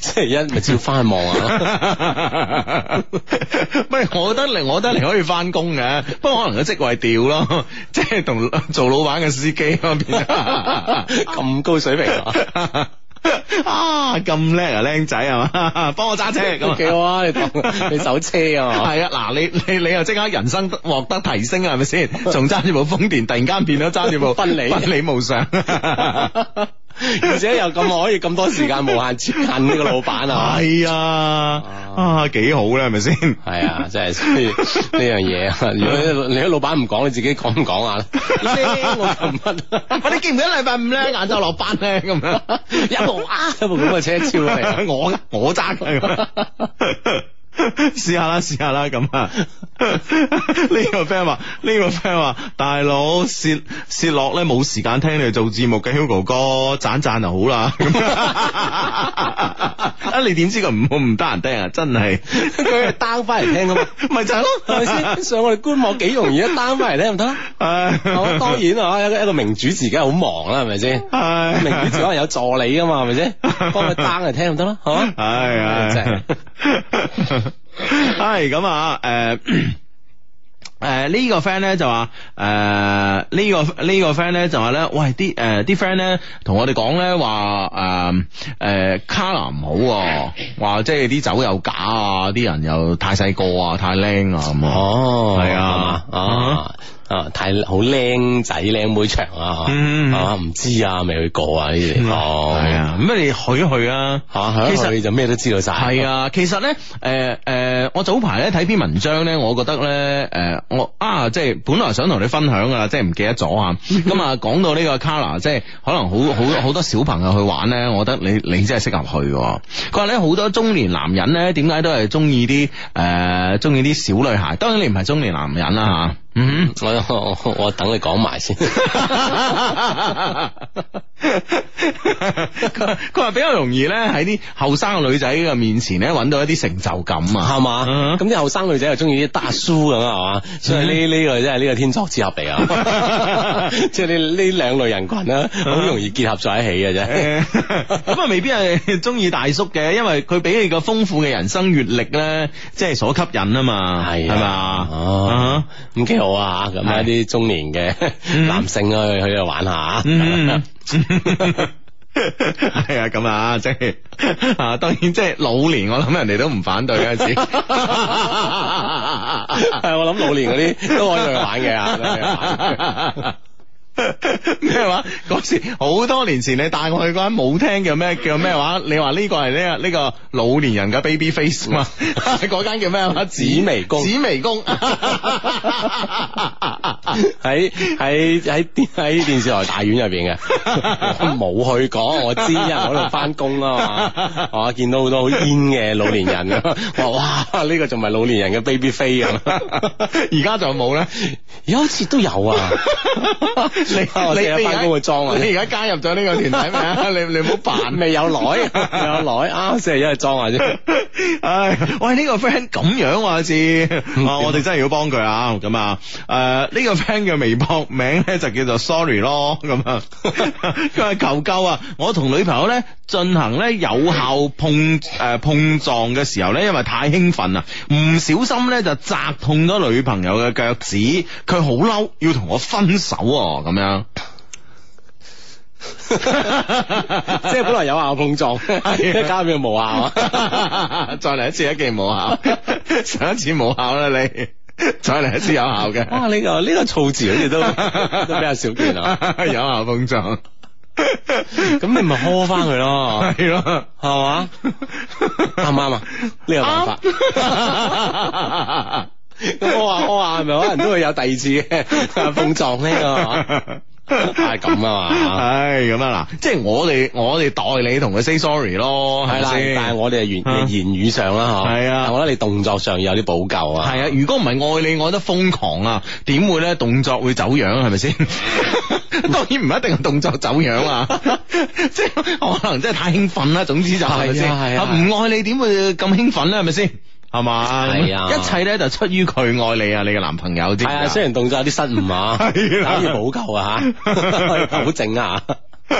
星期一咪照翻去望啊！ <laughs> <laughs> 喂我覺得你，我覺得你可以翻工嘅，不過可能個職位掉咯，即係同做老闆嘅司機咁咁高水平啊！咁叻 <laughs> 啊，僆仔係嘛？幫我揸車咁，幾好啊！啊啊 <laughs> 你你，你手車啊，係啊！ <laughs> 嗱，你你你又即刻人生獲得提升啊，係咪先？仲揸住部豐田，突然間變咗揸住部奔尼，奔尼無常。而且又咁可以咁多時間無限接近呢個老闆啊，係啊，啊幾好啦，係咪先？係啊，真係所以呢樣嘢啊！如果你啲老闆唔講，你自己講唔講下，下？你、 <laughs> 啊啊啊啊啊啊、我做乜？我你記唔記得禮拜五咧晏晝落班咧咁樣一部啊一部咁啊車超嚟，我我揸嘅。 <laughs> 試下啦，試下啦，咁啊，呢個 friend 話、mm，呢個 friend 話，大佬，uh，薛薛落咧冇時間聽你哋做節目嘅，Hugo 哥，讚讚就好啦。啊、mm，你點知佢唔好唔得閒聽啊？真係，佢係 down 翻嚟聽咁，咪就係咯，係咪先？上我哋官網幾容易啊？down 翻嚟聽唔得？係，當然啊，一個一個名主持自己好忙啦，係咪先？係，名主持可能有助理噶嘛，係咪先？幫佢 down 嚟聽唔得咯，係嘛？係啊，真係。係 <laughs> 咁啊！誒、呃、誒，呃呃這個這個、呢個 friend 咧就話，誒、呃呃呃、呢個呢個 friend 咧就話咧，喂啲誒啲 friend 咧同我哋講咧話誒誒，卡、呃、唔、呃、好、啊，話即係啲酒又假啊，啲人又太細個啊，太靚啊咁啊，哦係啊啊。啊，太好靚仔靚妹場啊，吓唔知、嗯、啊，未去過啊呢啲係啊，咁你去一去啊，吓，去一去,其實去就咩都知道晒。係啊，其實咧，誒、呃、誒、呃，我早排咧睇篇文章咧，我覺得咧，誒、呃，我啊，即係本來想同你分享噶啦，即係唔記得咗啊。咁啊，講到呢個卡啦，即係可能好好多好多小朋友去玩咧，我覺得你你真係適合去。佢話咧，好多中年男人咧，點解都係中意啲誒，中意啲小女孩。當然你唔係中年男人啦吓。啊啊嗯，我我等你講埋先。佢佢話比較容易咧，喺啲後生嘅女仔嘅面前咧，揾到一啲成就感啊，係嘛？咁啲後生女仔又中意啲大叔咁，係嘛？所以呢呢個真係呢個天作之合嚟啊！即係呢呢兩類人群咧，好容易結合在一起嘅啫。咁啊，未必係中意大叔嘅，因為佢俾你個豐富嘅人生閱歷咧，即係所吸引啊嘛，係係嘛？哦，好啊，咁一啲中年嘅男性去去度玩下係 <laughs> <laughs> 啊，咁啊，即係啊，當然即係老年我，我諗人哋都唔反對陣時，係我諗老年嗰啲都可以去玩嘅。 <laughs> 玩 <laughs> 啊。咩 <laughs> 話？嗰時好多年前，你帶我去嗰間舞廳叫咩叫咩話？你話呢個係呢、這個呢、這個老年人嘅 baby face 嘛？嗰 <laughs> 間叫咩話？紫薇宮，紫薇宮。喺喺喺啲喺電視台大院入邊嘅，冇 <laughs> 去過。我知啊，嗰度翻工啊嘛。 <laughs> 我見到好多好煙嘅老年人，話 <laughs> 哇，呢、這個仲唔係老年人嘅 baby face 啦。而家就冇咧， <laughs> 有次都有啊。 <laughs> <laughs> 你而你而家裝、 <laughs> 哎這個、啊！你而家加入咗呢個團體未啊？你你唔好扮，未有耐，有耐啊！四日一日裝啊！真係，唉，喂，呢個 friend 咁樣話事，我我哋真係要幫佢啊！咁啊，誒，呢個 friend 嘅微博名咧就叫做 sorry 咯。咁佢係求救啊！我同女朋友咧進行咧有效碰誒碰撞嘅時候咧，因為太興奮喇，唔小心咧就砸痛咗女朋友嘅腳趾，佢好嬲，要同我分手咁、啊。啊咩啊？ <music> 即係本來有效碰撞，而家加邊無效， <laughs> 再嚟一次一記無效， <laughs> <laughs> 上一次無效啦，你再嚟一次有效嘅。哇，呢、呢個呢個措辭好似都 <laughs> 都比較少見啊，有效碰撞 <laughs> 去去。咁你咪 call 翻佢咯。係咯，係嘛？啱唔啱啊？呢個辦法。 <laughs> 我話我話，係咪可能都會有第二次嘅碰撞呢，係嘛，係咁啊嘛，唉，咁啊嗱，即係我哋我哋代你同佢 say sorry 咯，係咪先？但係我哋係言言語上啦，係啊，我覺得你動作上有啲補救啊，係啊。如果唔係愛你愛得瘋狂啊，點會咧動作會走樣？係咪先？當然唔一定係動作走樣啊，即係可能真係太興奮啦。總之就係咪先？啊，唔愛你點會咁興奮咧？係咪先？係嘛，係啊，一切咧就出於佢愛你啊，你嘅男朋友啲，係啊，雖然動作有啲失誤 <laughs> 啊，可以補救啊，吓，可以保證啊。 <laughs> 啊！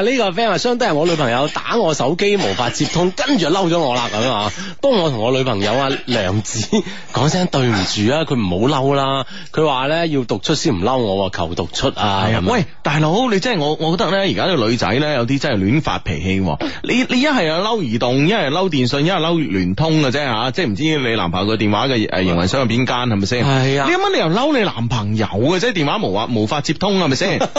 呢、這個 friend 話，相當係我女朋友打我手機無法接通，跟住就嬲咗我啦咁啊！當我同我女朋友啊，梁子講聲對唔住啊，佢唔好嬲啦。佢話咧要讀出先唔嬲我，啊，求讀出啊！啊喂，大佬樣，喂你真係我，我覺得咧，而家呢啲女仔咧有啲真係亂發脾氣。你你一係嬲移動，一係嬲電信，一係嬲聯通嘅啫吓，即係唔知你男朋友個電話嘅誒營運商係邊間，係咪先？係啊！你點解你又嬲你男朋友嘅啫？電話無法無法接通係咪先？ <laughs>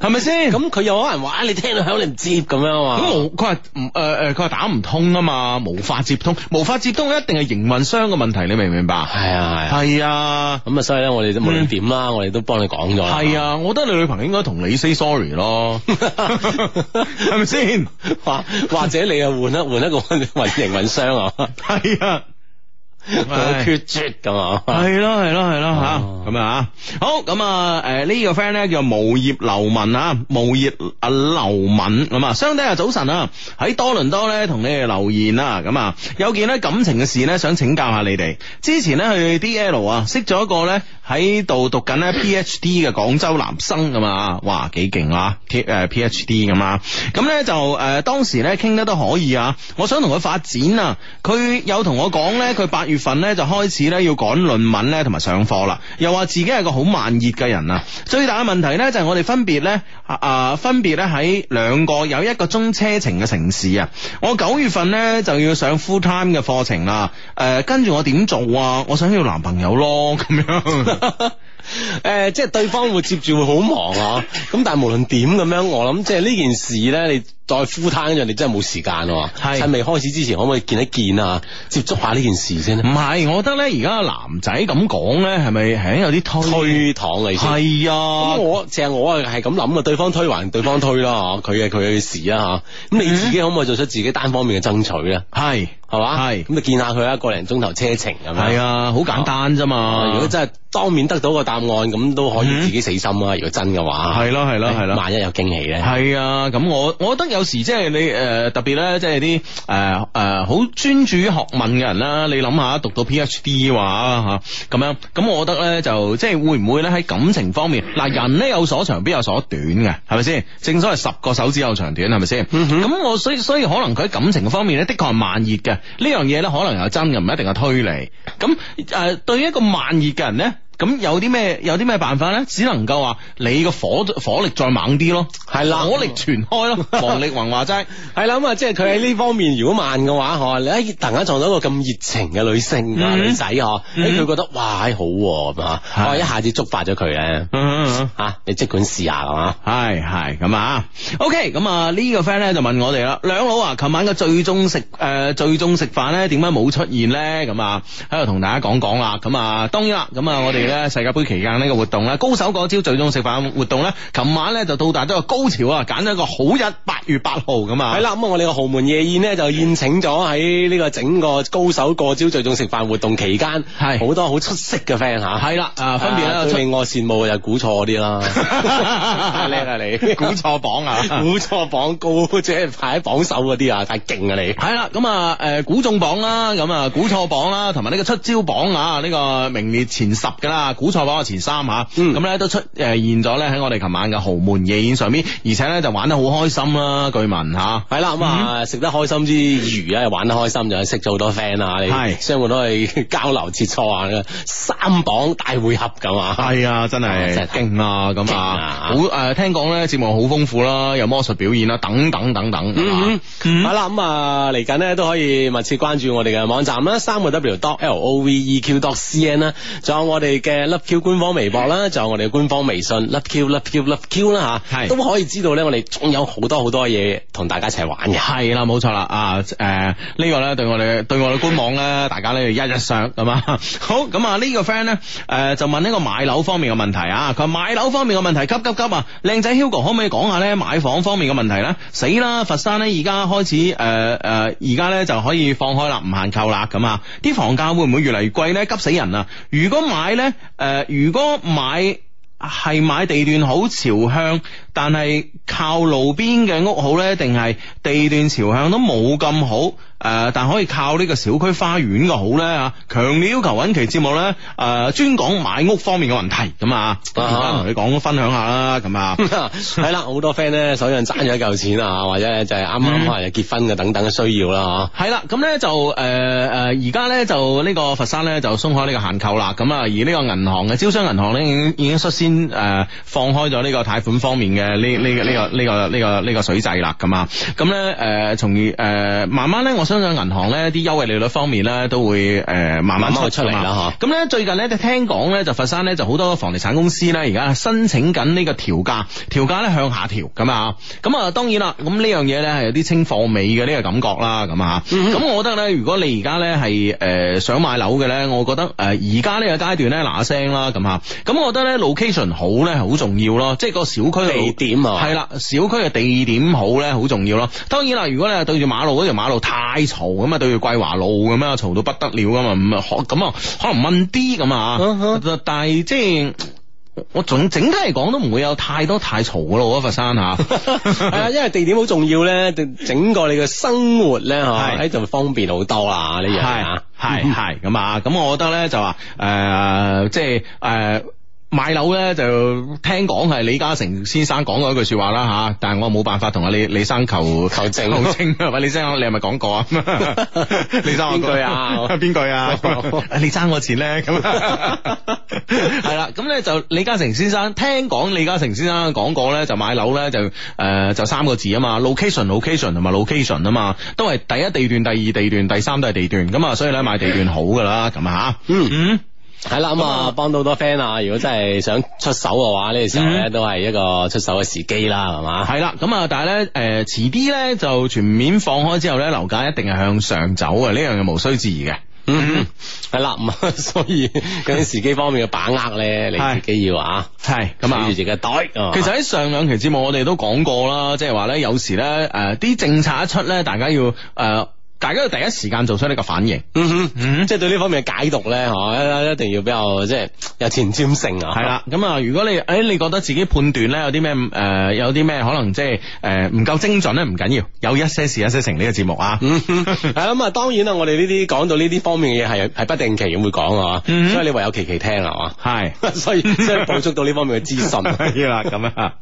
係咪先？咁佢又可能話你，你聽到響度唔接咁樣嘛？咁佢話，誒誒，佢、呃、話打唔通啊嘛，無法接通，無法接通一定係營運商嘅問題，你明唔明白？係啊，係啊，咁啊，所以咧，嗯、我哋都無論點啦，我哋都幫你講咗。係啊，我覺得你女朋友應該同你 say sorry 咯，係咪先？或 <laughs> 或者你換換 <laughs> 啊，換一換一個營運商啊，係啊。好缺缺咁啊！係咯係咯係咯吓咁啊！好咁啊！誒、呃這個、呢個 friend 咧叫無業流民啊，無業流民咁啊，啊，啊！兄弟啊，早晨啊！喺多倫多咧同你哋留言啊，咁啊有件咧感情嘅事咧想請教下你哋。之前咧去 D L 啊，識咗一個咧喺度讀緊咧 Ph D 嘅廣州男生咁啊，哇幾勁啊！Ph 誒 Ph D 咁啊！咁咧、啊啊、就誒、呃、當時咧傾得都可以啊，我想同佢發展啊，佢有同我講咧佢八月。月份咧就開始咧要趕論文咧同埋上課啦，又話自己係個好慢熱嘅人啊，最大嘅問題咧就係我哋分別咧啊分別咧喺兩個有一個鐘車程嘅城市啊，我九月份咧就要上 full time 嘅課程啦，誒跟住我點做啊？我想要男朋友咯咁樣，誒即係對方會接住會好忙啊，咁但係無論點咁樣，我諗即係呢件事咧你。再在敷攤一樣，你真係冇時間喎。係，係未開始之前，可唔可以見一見啊？接觸下呢件事先咧。唔係，我覺得咧，而家男仔咁講咧，係咪係有啲推推搪嚟？係啊，咁我淨我係咁諗，對方推還對方推啦，佢嘅佢嘅事啊。吓，咁你自己可唔可以做出自己單方面嘅爭取咧？係係嘛，係咁就見下佢啊，個零鐘頭車程咁樣啊？係啊，好簡單啫嘛。如果真係。當面得到個答案，咁都可以自己死心啦。嗯、如果真嘅話，係咯係咯係咯。萬一有驚喜咧，係啊。咁我我覺得有時即係你誒、呃，特別咧即係啲誒誒，好、呃、專、呃、注於學問嘅人啦。你諗下，讀到 PhD 嘅話吓咁、啊、樣，咁我覺得咧就即係會唔會咧喺感情方面嗱，人咧有所長，必有所短嘅，係咪先？正所謂十個手指有長短，係咪先？咁、嗯、哼我所以所以可能佢喺感情方面咧，的確係慢熱嘅呢樣嘢咧，可能有真嘅，唔一定係推理。咁誒、呃，對於一個慢熱嘅人咧。咁有啲咩有啲咩辦法咧？只能夠話你個火火力再猛啲咯，係啦的，火力全開咯。 <laughs> 王力宏話齋係啦，咁啊， <laughs> 即係佢喺呢方面如果慢嘅話，嗬、嗯，你一突然間撞到一個咁熱情嘅女性、嗯、女仔，嗬、嗯，誒、欸，佢覺得哇，唉，好，咁啊，我的、啊、一下子觸發咗佢咧，吓的、啊，你即管試下，係嘛，係係咁啊。OK，咁啊呢個 friend 咧就問我哋啦，兩老啊，琴晚嘅最終食誒、呃，最終食飯咧，點解冇出現咧？咁喺度同大家講講啦。咁當然啦，咁啊，我哋。世界杯期間呢個活動咧，高手過招聚眾食飯活動咧，琴晚咧就到達咗個高潮啊！揀咗一個好日，八月八號咁啊。係啦，咁啊，我哋個豪門夜宴呢，就宴請咗喺呢個整個高手過招聚眾食飯活動期間，係好對多好出色嘅 friend 吓。係啦，分別啊，分別啦，最我羨慕就估錯啲啦，叻啦、 <laughs> 啊、你錯、啊！估錯榜，榜，、呃、榜，啊，估錯榜高，即係排喺榜首嗰啲啊，太勁啊你！係啦，咁啊，誒，估中榜啦，咁啊，估錯榜啦，同埋呢個出招榜啊，呢個名列前十噶啦。啊！古賽榜個前三吓，咁咧、嗯、都出誒現咗咧喺我哋琴晚嘅豪門夜宴上面，而且咧就玩得好開心啦、啊！據聞吓，係啦咁啊，嗯嗯、食得開心之餘咧，玩得開心又識咗好多 friend 啦，係相互都係交流切磋啊！三榜大會合咁啊，係、哎嗯、啊，真係勁啊咁啊，好誒、啊、聽講咧節目好豐富啦，有魔術表演啦，等等等等，嗯嗯，係啦咁嚟緊咧都可以密切關注我哋嘅網站啦，三個 W dot L O V E Q dot C N 啦，仲有我哋。嘅 LOVEQ 官方微博啦，就 <laughs> 我哋嘅官方微信 LOVEQ LOVEQ LOVEQ 啦、啊、吓，係是都可以知道咧。我哋仲有好多好多嘢同大家一齊玩嘅，係啦、嗯，冇錯啦。啊，誒、呃、呢、這個咧對我哋 <laughs> 對我哋官網咧，大家咧要一一上，咁啊。好咁啊，呢個 friend 咧誒就問呢個買樓方面嘅問題啊。佢話買樓方面嘅問題急急急啊！靚仔 Hugo 可唔可以講下咧買房方面嘅問題咧？死啦！佛山咧而家開始誒誒，而家咧就可以放開啦，唔限購啦。咁啊，啲房價會唔會越嚟越貴咧？急死人啊！如果買咧？誒、呃，如果買係買地段好朝向，但係靠路邊嘅屋好呢，定係地段朝向都冇咁好？誒，uh, 但可以靠呢個小區花園嘅好咧吓，強烈要求揾期節目咧，誒、呃，專講買屋方面嘅問題咁啊，啊，啊，啊，而家同你講分享下啦，咁 <laughs> 啊，啊，係啦，好多 friend 咧手上賺咗一嚿錢啊，或者就係啱啱可能結婚嘅等等嘅需要啦，吓、嗯，係啦、啊，咁、嗯、咧、嗯、就誒誒，而家咧就呢、這個佛山咧就鬆開呢個限購啦，咁啊，而呢個銀行嘅招商銀行咧已經已經率先誒、呃、放開咗呢個貸款方面嘅呢呢呢個呢、這個呢、這個呢、這個這個這個這個水掣啦，咁啊，咁咧誒從而誒慢慢咧我。呢慢慢相信銀行咧啲優惠利率方面咧都會誒慢慢出嚟啦吓。咁咧最近咧就聽講咧就佛山咧就好多房地產公司咧而家申請緊呢個調價，調價咧向下調咁啊。咁啊當然啦，咁呢樣嘢咧係有啲清貨尾嘅呢個感覺啦。咁啊，咁我覺得咧，如果你而家咧係誒想買樓嘅咧，我覺得誒而家呢個階段咧嗱聲啦咁啊。咁我覺得咧 location 好咧好重要咯，即係個小區嘅地點啊係啦，小區嘅地點好咧好重要咯。當然啦，如果你對住馬路嗰條馬路太太嘈咁啊，對住桂華路咁啊，嘈到不得了咁啊，咁、嗯、啊可能問啲咁啊，uh huh。但係即係我總整體嚟講，都唔會有太多太嘈噶咯，佛山吓，啊、 <laughs> <laughs> 因為地點好重要咧，整個你嘅生活咧喺就方便好多啦，呢 <laughs> 樣係係係咁啊，咁我覺得咧就話誒、呃，即係誒。呃買樓咧就聽講係李嘉誠先生講過一句說話啦吓、啊，但係我冇辦法同阿李李生求求證，求證唔係李生，你係咪講過啊？李生邊句啊？邊句 <laughs> 啊？你爭我錢咧咁，係 <laughs> 啦。 <laughs> 咁咧就李嘉誠先生聽講，李嘉誠先生講過咧就買樓咧就誒、呃、就三個字啊嘛，location location 同埋 location 啊嘛，都係第一地段、第二地段、第三都係地段咁啊，所以咧買地段好噶啦咁啊吓，嗯嗯。係啦，咁啊幫到好多 friend 啊！如果真係想出手嘅話，呢、這個時候咧都係一個出手嘅時機啦，係嘛？係啦，咁啊，但係咧，誒、呃，遲啲咧就全面放開之後咧，樓價一定係向上走嘅，呢樣嘢無需置疑嘅、 <coughs> 嗯。嗯，係啦，咁啊所以嗰啲時機方面嘅把握咧，嗯、你自己要對啊，係，攰住自己袋。嗯、其實喺上兩期節目我哋都講過啦，即係話咧有時咧誒啲政策一出咧，大家要誒。呃呃呃呃呃呃大家要第一時間做出呢個反應， <noise> 嗯、即係對呢方面嘅解讀咧，嗬、啊，一定要比較即係有前瞻性啊，係啦，咁 <noise> 啊，如果你，誒、嗯，你覺得自己判斷咧有啲咩，誒， <noise> 有啲咩可能即係，誒， <noise> 唔夠精準咧，唔緊要，有一些事一些情呢個節目啊，係咁啊，當然啊，我哋呢啲講到呢啲方面嘅嘢係係不定期會講啊，嗯、所以你唯有期期聽啊，係、啊， <noise> <noise> 所以即係捕捉到呢方面嘅資訊，啦， <laughs> 咁、 <noise> okay，樣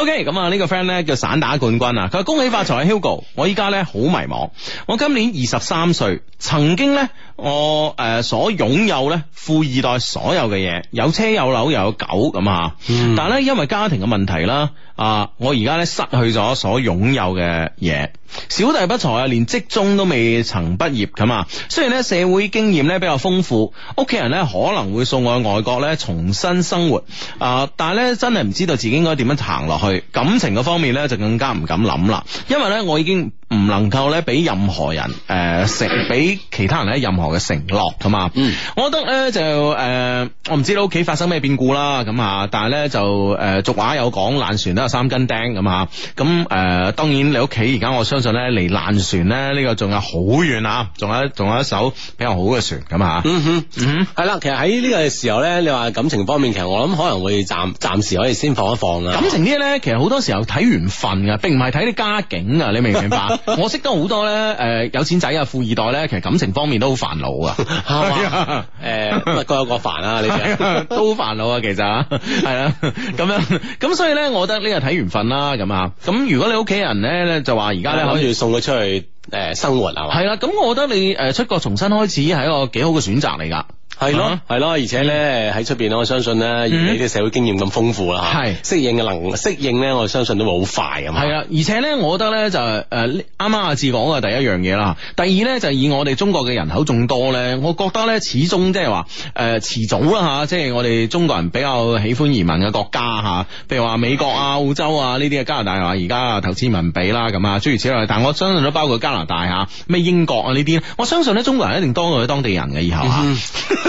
，OK，咁啊、這個、呢個 friend 咧叫散打冠軍啊，佢話恭喜發財啊 Hugo，我依家咧好迷茫，我今年二十三歲，曾經咧。我誒、呃、所擁有咧，富二代所有嘅嘢，有車有樓又有狗咁啊。嗯、但係咧，因為家庭嘅問題啦，啊、呃，我而家咧失去咗所擁有嘅嘢。小弟不才啊，連職中都未曾畢業噶嘛。雖然咧社會經驗咧比較豐富，屋企人咧可能會送我去外國咧重新生活啊、呃，但係咧真係唔知道自己應該點樣行落去。感情方面咧就更加唔敢諗啦，因為咧我已經唔能夠咧俾任何人誒食，俾、呃、其他人咧任何。任何我嘅承諾啊，嗯，我覺得咧就誒、呃，我唔知你屋企發生咩變故啦，咁啊，但係咧就誒、呃，俗話有講爛船都有三根釘咁啊，咁誒、呃，當然你屋企而家我相信咧離爛船咧呢、這個仲有好遠啊，仲有仲有一艘比較好嘅船咁啊，嗯哼，嗯哼，係啦、嗯哼，其實喺呢個時候咧，你話感情方面，其實我諗可能會暫暫時可以先放一放啊，感情啲咧，其實好多時候睇緣分啊，並唔係睇啲家境啊，你明唔明白？ <laughs> 我識得好多咧，誒，有錢仔啊，富二代咧，其實感情方面都好煩。老啊，係誒，各有各煩啊，你哋都好煩惱啊，其實吓，係啊，咁、 <laughs> 啊、樣，咁所以咧，我覺得呢個睇緣分啦，咁啊，咁如果你屋企人咧，就話而家咧諗住送佢出去誒、呃，生活 <laughs> 啊，係啦，咁我覺得你誒，出國重新開始係一個幾好嘅選擇嚟噶。係咯，係咯，而且咧喺出邊，我相信咧，你啲社會經驗咁豐富啦，係適應嘅能適應咧，我相信都會好快啊係啊，而且咧，我覺得咧就誒啱啱阿志講嘅第一樣嘢啦，第二咧就是、以我哋中國嘅人口眾多咧，我覺得咧始終即係話誒遲早啦吓，即、啊、係、就是、我哋中國人比較喜歡移民嘅國家吓，譬、啊、如話美國啊、澳洲啊呢啲嘅加拿大啊，而家啊投資人民幣啦咁啊，諸如此類。但我相信都包括加拿大吓，咩、啊、英國啊呢啲，我相信咧中國人一定多過啲當地人嘅以後啊。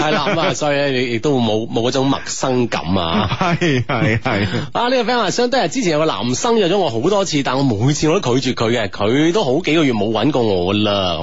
啊 <laughs> 係啦，咁啊，所以咧你亦都冇冇嗰種陌生感啊！係係係啊！呢個 friend 相當係之前有個男生約咗我好多次，但我每次我都拒絕佢嘅，佢都好幾個月冇搵過我啦，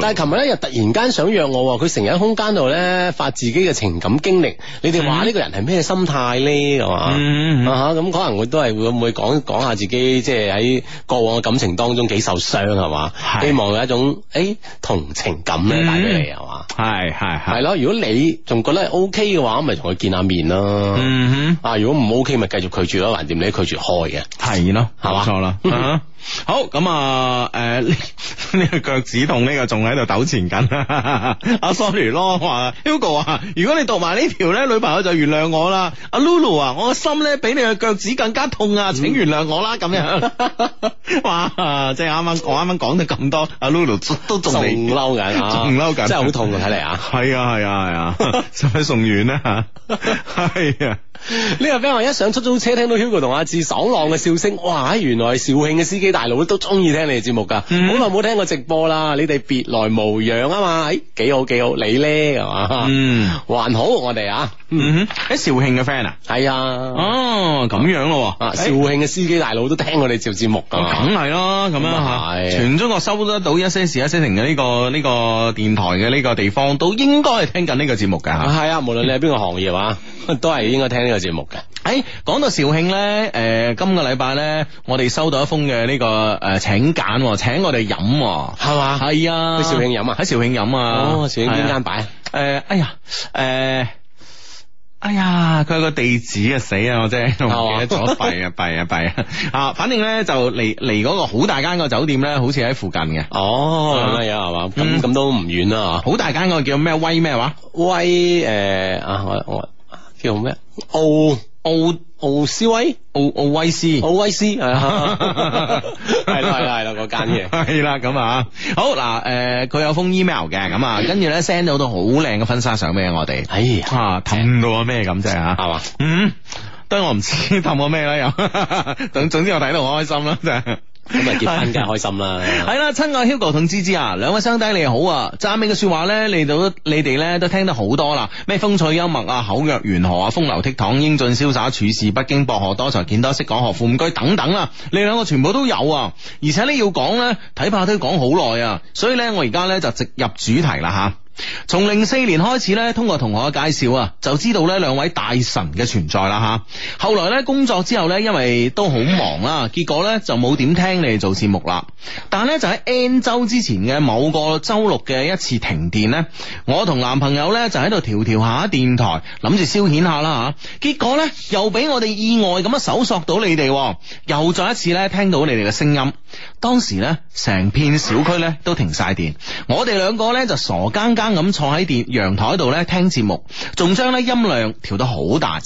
但係琴日一日突然間想約我，佢成日喺空間度咧發自己嘅情感經歷。你哋話呢個人係咩心態咧？係嘛？咁可能佢都係會唔會講講下自己即係喺過往嘅感情當中幾受傷係嘛？希望有一種誒同情感咧帶俾你係嘛？係係係咯，如果你。你仲覺得 O K 嘅話，咪同佢見下面咯。嗯哼，啊，如果唔 O K，咪繼續拒絕咯。橫掂你拒絕開嘅，係咯、嗯哼，係嘛吧，錯啦。好咁啊！誒，呢個腳趾痛呢個仲喺度糾纏緊啊！阿 sorry 咯話，Hugo 啊，如果你讀埋呢條咧，女朋友就原諒我啦。阿 Lulu 啊，我個心咧比你嘅腳趾更加痛啊，請原諒我啦！咁樣哇，即係啱啱我啱啱講咗咁多，阿 Lulu 都仲嬲緊，仲嬲緊，真係好痛啊！睇嚟啊，係啊係啊係啊，使唔使送軟咧？係啊，呢個 friend 我一上出租車，聽到 Hugo 同阿志爽朗嘅笑聲，哇！原來肇慶嘅司機。大佬都中意聽你哋節目噶，好耐冇聽過直播啦。你哋別來無恙啊嘛？誒，幾好幾好。你咧係嘛？嗯，還好我哋啊。嗯哼，喺肇慶嘅 friend 啊，係啊，哦，咁樣咯。肇慶嘅司機大佬都聽我哋做節目噶，梗係咯。咁樣係，全中國收得到一些事一些情嘅呢個呢個電台嘅呢個地方，都應該係聽緊呢個節目嘅。係啊，無論你係邊個行業啊，都係應該聽呢個節目嘅。誒，講到肇慶咧，誒，今個禮拜咧，我哋收到一封嘅呢個。個誒請柬，請我哋飲係嘛？係啊，去肇慶飲啊，喺肇慶飲啊。哦，肇慶邊間擺？誒、啊哎，哎呀，誒，哎呀，佢有個地址啊死啊！我真係唔記得咗弊啊，弊啊，弊啊。弊啊，反正咧就嚟嚟嗰個好大間個酒店咧，好似喺附近嘅、哦啊嗯呃哦。哦，係、哦、嘛？咁咁都唔遠啊。好大間個叫咩威咩話？威誒啊，我我叫咩？澳、哦、澳。奧斯威奧奧威斯，奧威斯係啦，係啦，係啦，嗰間嘢係啦，咁啊，好嗱，誒，佢有封 email 嘅。咁啊，跟住咧 send 咗好多好靚嘅婚紗相俾我哋。係啊，氹到我啊咩咁啫吓，係嘛？啊，嗯，對我唔知氹我咩啦又，等 <laughs> 總，總之我睇到好開心啦，真係。咁咪結婚梗係開心啦！係啦，親愛 Hugo 同芝芝啊，兩位生弟你好啊！讚美嘅說話咧嚟到，你哋咧都聽得好多啦。咩風趣幽默啊、口若懸河啊、風流倜儻、英俊瀟灑、處事不驚、博學多才、見多識廣、學富五車等等啊。你兩個全部都有，啊，而且咧要講呢，睇怕都要講好耐啊。所以呢，我而家呢就直入主題啦吓。從零四年開始咧，通過同學嘅介紹啊，就知道呢兩位大神嘅存在啦吓。後來呢，工作之後呢，因為都好忙啦，結果呢就冇點聽你哋做節目啦。但係呢，就喺 N 週之前嘅某個週六嘅一次停電呢，我同男朋友呢就喺度調調下電台，諗住消遣下啦吓。結果呢，又俾我哋意外咁樣搜索到你哋，又再一次呢聽到你哋嘅聲音。當時呢，成片小區呢都停晒電，我哋兩個呢就傻更更。咁坐喺電陽台度咧，聽節目，仲將咧音量調得好大。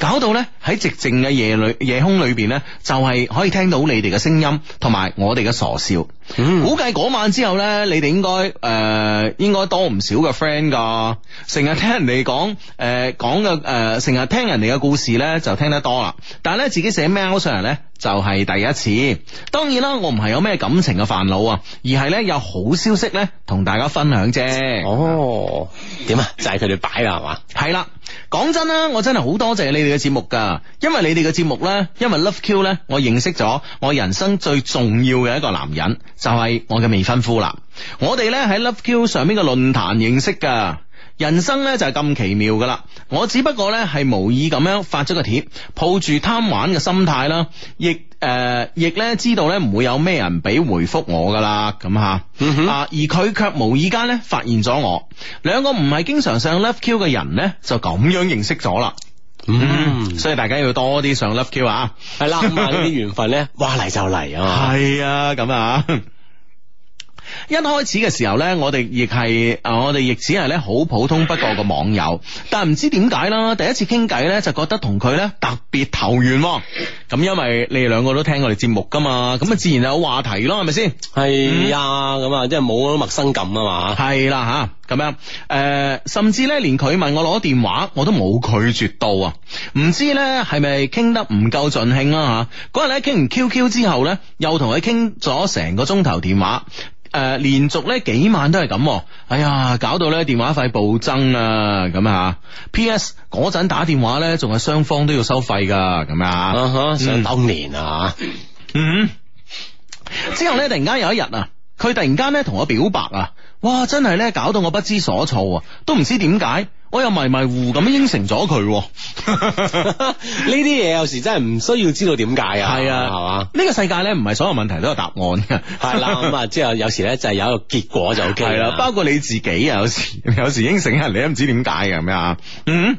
搞到咧喺寂靜嘅夜裏夜空裏邊咧，就係、是、可以聽到你哋嘅聲音同埋我哋嘅傻笑。嗯、估計嗰晚之後咧，你哋應該誒、呃、應該多唔少嘅 friend 噶，成日聽人哋講誒講嘅誒，成、呃、日聽人哋嘅故事咧就聽得多啦。但係咧自己寫 mail 上嚟咧就係第一次。當然啦，我唔係有咩感情嘅煩惱啊，而係咧有好消息咧同大家分享啫。哦，點啊？就係佢哋擺啦，係嘛？ <laughs> 係啦。講真啦，我真係好多謝你哋嘅節目噶，因為你哋嘅節目呢，因為 Love Q 呢，我認識咗我人生最重要嘅一個男人，就係我嘅未婚夫啦。我哋呢，喺 Love Q 上面嘅論壇認識噶。人生咧就係咁奇妙噶啦，我只不過咧係無意咁樣發咗個帖，抱住貪玩嘅心態啦，亦誒亦咧知道咧唔會有咩人俾回覆我噶啦，咁吓，啊、嗯、哼而佢卻無意間咧發現咗我，兩個唔係經常上 Love Q 嘅人咧就咁樣認識咗啦，嗯，嗯，所以大家要多啲上 Love Q 啊，係啦，咁啊呢啲緣分咧話嚟就嚟啊，係啊咁啊。 <laughs> 一開始嘅時候呢，我哋亦係啊，我哋亦只係咧好普通不過嘅網友，但唔知點解啦。第一次傾偈呢，就覺得同佢呢特別投緣咁，因為你哋兩個都聽我哋節目噶嘛，咁啊自然有話題咯，係咪先？係呀，咁啊，嗯、即係冇陌生感啊嘛。係啦，吓，咁樣誒，甚至呢，連佢問我攞電話，我都冇拒絕到啊。唔知呢，係咪傾得唔夠盡興啊？嚇嗰日呢，傾完 Q Q 之後呢，又同佢傾咗成個鐘頭電話。誒、呃，連續咧幾晚都係咁，哎呀，搞到咧電話費暴增啊，咁啊。P. S. 嗰陣打電話咧，仲係雙方都要收費噶，咁啊。想當年啊，嗯。之後咧，突然間有一日啊，佢突然間咧同我表白啊，哇，真係咧搞到我不知所措，啊，都唔知點解。我又迷迷糊咁應承咗佢，呢啲嘢有時真係唔需要知道點解啊！係啊，係嘛？呢個世界咧，唔係所有問題都有答案噶，係啦。咁之後有時咧就係有一個結果就 OK。係啦，包括你自己啊，有時有時應承人你都唔知點解嘅咩啊？嗯。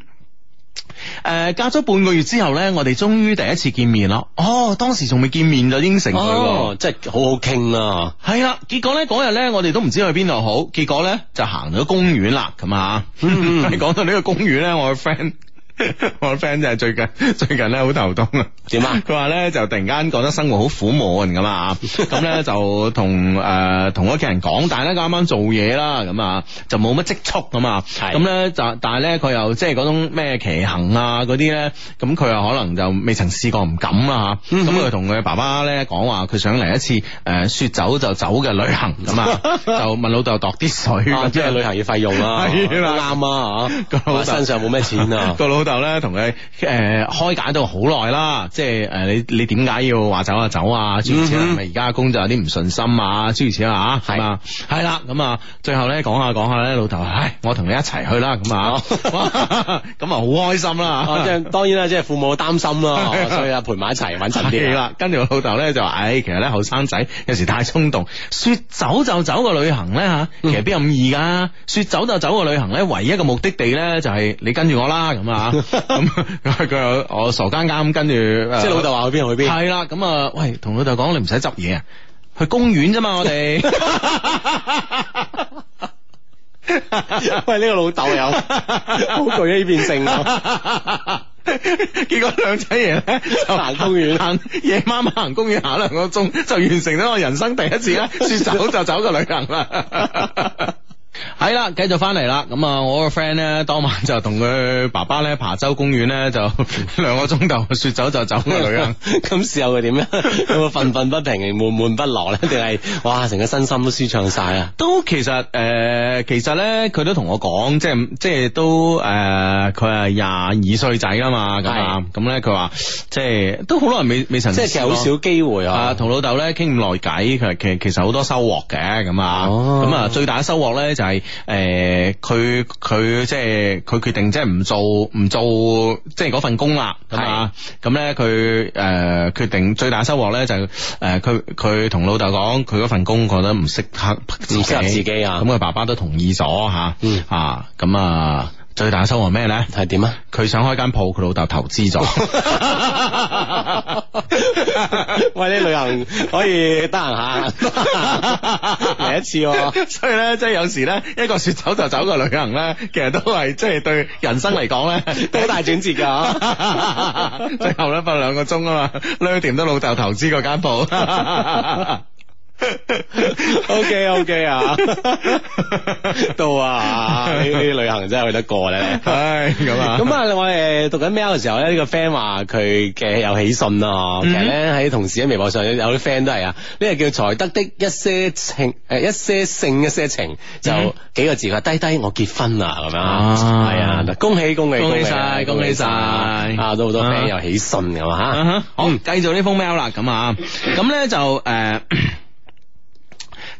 誒、呃，隔咗半個月之後咧，我哋終於第一次見面咯。哦，當時仲未見面就應承佢，即係、哦、好好傾啊。係啦，結果咧嗰日咧，我哋都唔知去邊度好，結果咧就行到公園啦。咁啊，講 <laughs> <laughs> 到呢個公園咧，我嘅 friend。 <laughs> 我 friend 就係最近 <laughs> geliyor, 最近咧好頭痛啊，點 <laughs> 啊？佢話咧就突然間覺得生活好苦悶咁啦啊，咁咧就同誒同屋企人講，但係咧佢啱啱做嘢啦，咁啊就冇乜積蓄咁啊，咁咧就但係咧佢又即係嗰種咩騎行啊嗰啲咧，咁佢又可能就未曾試過唔敢啊，咁佢同佢爸爸咧講話佢想嚟一次誒說走就走嘅旅行咁 <laughs> 啊，就問老豆度啲水，即係旅行要費用啦，啱啊，個 英文 cookie 身上冇咩錢 <laughs> 啊，啊老豆咧同佢誒開解咗好耐啦，即係誒、呃、你你點解要話走啊走啊？諸如此係咪而家工作有啲唔順心啊？諸如此啊，係啊係啦，咁啊吧、嗯、最後咧講下講下咧，老豆，唉，我同你一齊去啦，咁啊咁啊好開心啦、 <laughs> 哦，即係當然啦，即係父母擔心咯， <laughs> 所以啊陪埋一齊穩陣啲啦。跟住個老豆咧就話唉、哎，其實咧後生仔有時太衝動，說走就走個旅行咧吓，其實邊有咁易噶？說走就走個旅行咧，唯一一個目的地咧就係你跟住我啦，咁啊。咁佢我傻更啱跟住，即係老豆話去邊去邊。係啦，咁啊喂，同老豆講你唔使執嘢啊，去公園啫嘛，我哋。喂，呢個老豆有好具呢變性啊！結果兩仔爺咧就行公園，行夜晚行公園行兩個鐘，就完成咗我人生第一次啦，說走就走嘅旅行啦。係啦，繼續翻嚟啦。咁啊，我個 friend 咧當晚就同佢爸爸咧琶洲公園咧就兩個鐘頭，說走就走個旅行。咁事後佢點咧？佢會憤憤不平，悶悶不樂咧，定係哇，成個身心都舒暢晒啊？都其實誒，其實咧佢都同我講，即係即係都誒，佢係廿二歲仔啦嘛。係。咁咧佢話即係都好耐未未曾，即係其實好少機會啊。同老豆咧傾咁耐偈，佢其實其實好多收穫嘅。咁啊，咁啊，最大嘅收穫咧就係。係誒，佢佢，欸，即係佢決定即係唔做唔做即係嗰份工啦，係咁咧，佢誒是，啊呃，決定最大收穫咧就誒，是，佢佢同老豆講佢嗰份工覺得唔適合自己啊，咁佢爸爸都同意咗吓，啊，咁，嗯，啊最大收穫咩咧係點啊？佢想開間鋪，佢老豆投資咗， <laughs> <laughs> 喂，你旅行可以得閒下。啊 <laughs> 第一次、啊， <laughs> 所以咧，即係有時咧，一個説走就走嘅旅行咧，其實都係即係對人生嚟講咧，都好 <laughs> 大轉折㗎、啊。 <laughs> 最後咧，瞓兩個鐘啊嘛，攆掂都老豆投資嗰間鋪。 <laughs> O K O K 啊，到啊旅行真係去得過咧，唉，咁啊咁啊，我哋讀緊 mail 嘅時候咧，呢個 friend 話佢嘅有喜訊啊，其實咧喺同事喺微博上有啲 friend 都係啊，呢個叫財德的一些情誒，一些事一些情，就幾個字話低低，我結婚啦咁樣，係啊，恭喜恭喜，恭喜晒，恭喜晒啊，都好多 friend 有喜訊咁嘛，好繼續呢封 mail 啦，咁啊咁咧就誒。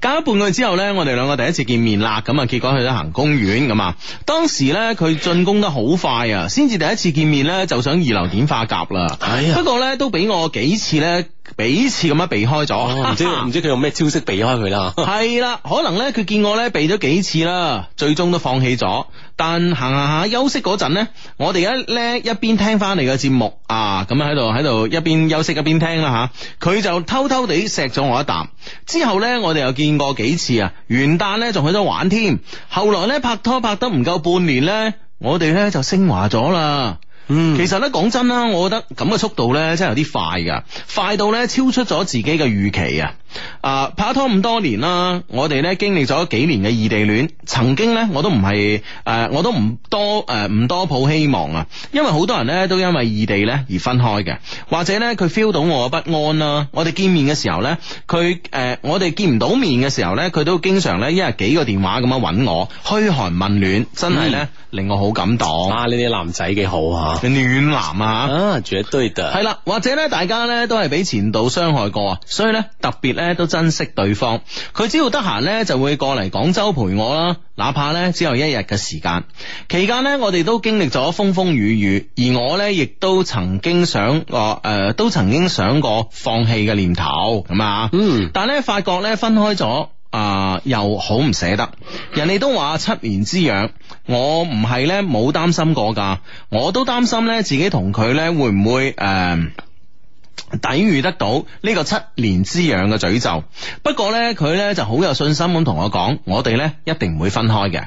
隔咗半個月之後呢，我哋兩個第一次見面啦，咁啊，結果去咗行公園咁啊。當時呢，佢進攻得好快啊，先至第一次見面呢，就想二樓點化甲啦。係、哎、呀不過呢，都俾我幾次呢，幾次咁樣避開咗。唔、哦、知唔知佢用咩招式避開佢啦。係 <laughs> 啦，可能呢，佢見我呢，避咗幾次啦，最終都放棄咗。但行下休息嗰陣呢，我哋一咧一邊聽翻嚟嘅節目啊，咁喺度喺度一邊休息一邊聽啦吓。佢、啊、就偷偷地錫咗我一啖。之後呢，我哋又見過幾次啊。元旦呢，仲去咗玩添。後來呢，拍拖拍得唔夠半年呢，我哋呢就升華咗啦。嗯，其實咧講真啦，我覺得咁嘅速度呢，真係有啲快噶，快到呢，超出咗自己嘅預期啊！啊、呃，拍拖咁多年啦、啊，我哋呢，經歷咗幾年嘅異地戀，曾經呢，我都唔係誒，我都唔多誒唔、呃、多抱希望啊，因為好多人呢，都因為異地呢而分開嘅，或者呢，佢 feel 到我不安啦、啊。我哋見面嘅時候呢，佢誒、呃，我哋見唔到面嘅時候呢，佢都經常呢，一日幾個電話咁樣揾我噓寒問暖，真係呢，令我好感動。嗯、啊，呢啲男仔幾好啊！暖男啊，絕對的係啦，或者咧，大家咧都係俾前度傷害過啊，所以咧特別咧都珍惜對方。佢只要得閒咧就會過嚟廣州陪我啦，哪怕咧只有一日嘅時間。期間咧我哋都經歷咗風風雨雨，而我咧亦都曾經想過誒、呃，都曾經想過放棄嘅念頭咁啊。嗯，但係咧發覺咧分開咗。啊、呃，又好唔捨得，人哋都話七年之癢，我唔係咧冇擔心過噶，我都擔心咧自己同佢咧會唔會誒、呃、抵禦得到呢個七年之癢嘅詛咒。不過咧佢咧就好有信心咁同我講，我哋咧一定唔會分開嘅。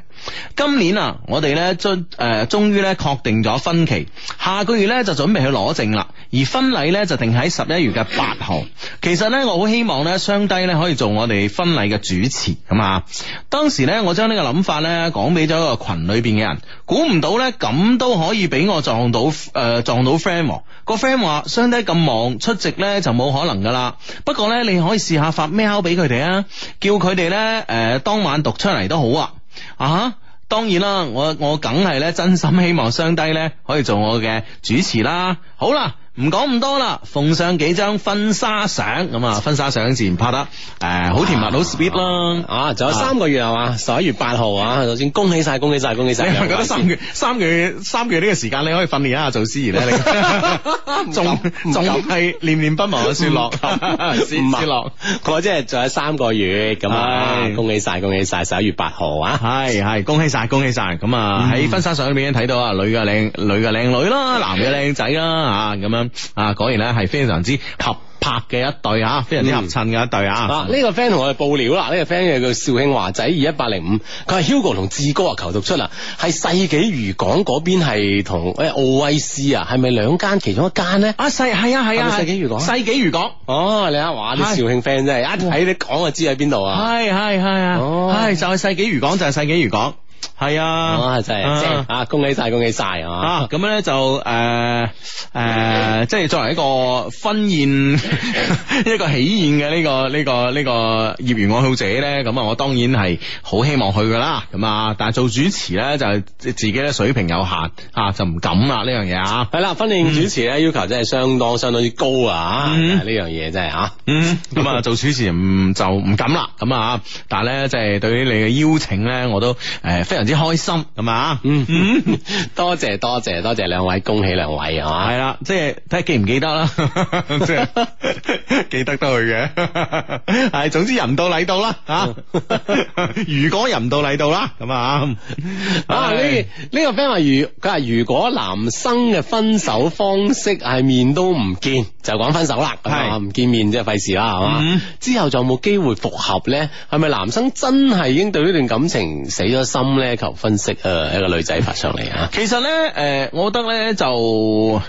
今年啊，我哋咧終誒終於咧確定咗婚期，下個月咧就準備去攞證啦。而婚禮咧就定喺十一月嘅八號。其實咧，我好希望咧雙低咧可以做我哋婚禮嘅主持咁啊。當時咧，我將呢個諗法咧講俾咗一個群裏邊嘅人，估唔到咧咁都可以俾我撞到誒撞、呃、到 friend 啊。個 friend 話雙低咁忙出席咧就冇可能噶啦。不過咧你可以試下發 mail 俾佢哋啊，叫佢哋咧誒當晚讀出嚟都好啊。啊，當然啦，我我梗係咧，真心希望雙低咧可以做我嘅主持啦。好啦。唔講咁多啦，奉上幾張婚紗相咁啊！婚紗相自然拍得誒，好甜蜜，好 sweet 啦啊！仲有三個月係嘛，十一月八號啊，首先恭喜晒，恭喜晒，恭喜晒！你覺得三月、三月、三月呢個時間你可以訓練一下做司儀咧？仲仲係念念不忘嘅雪落，唔失落？我即係仲有三個月咁啊！恭喜晒，恭喜晒，十一月八號啊！係係，恭喜晒，恭喜晒！咁啊喺婚紗相裏邊已經睇到啊，女嘅靚女嘅靚女啦，男嘅靚仔啦吓咁樣。啊，果然咧係非常之合拍嘅一對啊，非常之合襯嘅一對啊。嗱，呢個 friend 同我哋報料啦，呢個 friend 係叫肇慶華仔二一八零五，佢係 Hugo 同志哥啊。求讀出啦，係世紀漁港嗰邊係同誒奧威斯啊，係咪兩間其中一間呢？啊，世係啊係啊，世紀漁港，世紀漁港，哦，你啊，哇，啲肇慶 friend 真係一睇你講就知喺邊度啊，係係係，啊。係就係世紀漁港就係世紀漁港。係啊，啊真係棒啊恭！恭喜晒，恭喜晒啊！咁咧、啊、就誒誒，呃呃嗯、即係作為一個婚宴、嗯、 <laughs> 一個喜宴嘅呢、呢個呢、呢個呢、呢個呢個業餘愛好者咧，咁啊，我當然係好希望去噶啦。咁、嗯、啊，但係做主持咧就自己咧水平有限啊，就唔敢啦呢樣嘢啊。係啦、嗯，婚宴主持咧要求真係相當相當之高啊！呢、嗯、樣嘢真係啊。咁啊，做主持唔就唔敢啦。咁啊，但係咧即係對於你嘅邀請咧，我都誒。 <laughs> <noise> 非常之開心，咁啊，嗯嗯，多謝多謝多謝兩位，恭喜兩位啊，係啦，即係睇下記唔記得啦，即係記得得去嘅，係，總之人到禮到啦，啊，如果人到禮到啦，咁啊，啊，呢呢個 friend 話如佢話如果男生嘅分手方式係面都唔見，就講分手啦，係唔見面即係費事啦，係嘛，之後就冇機會復合咧，係咪男生真係已經對呢段感情死咗心咧？要求分析誒，一個女仔發上嚟啊， <laughs> 其實咧，誒，我覺得咧就。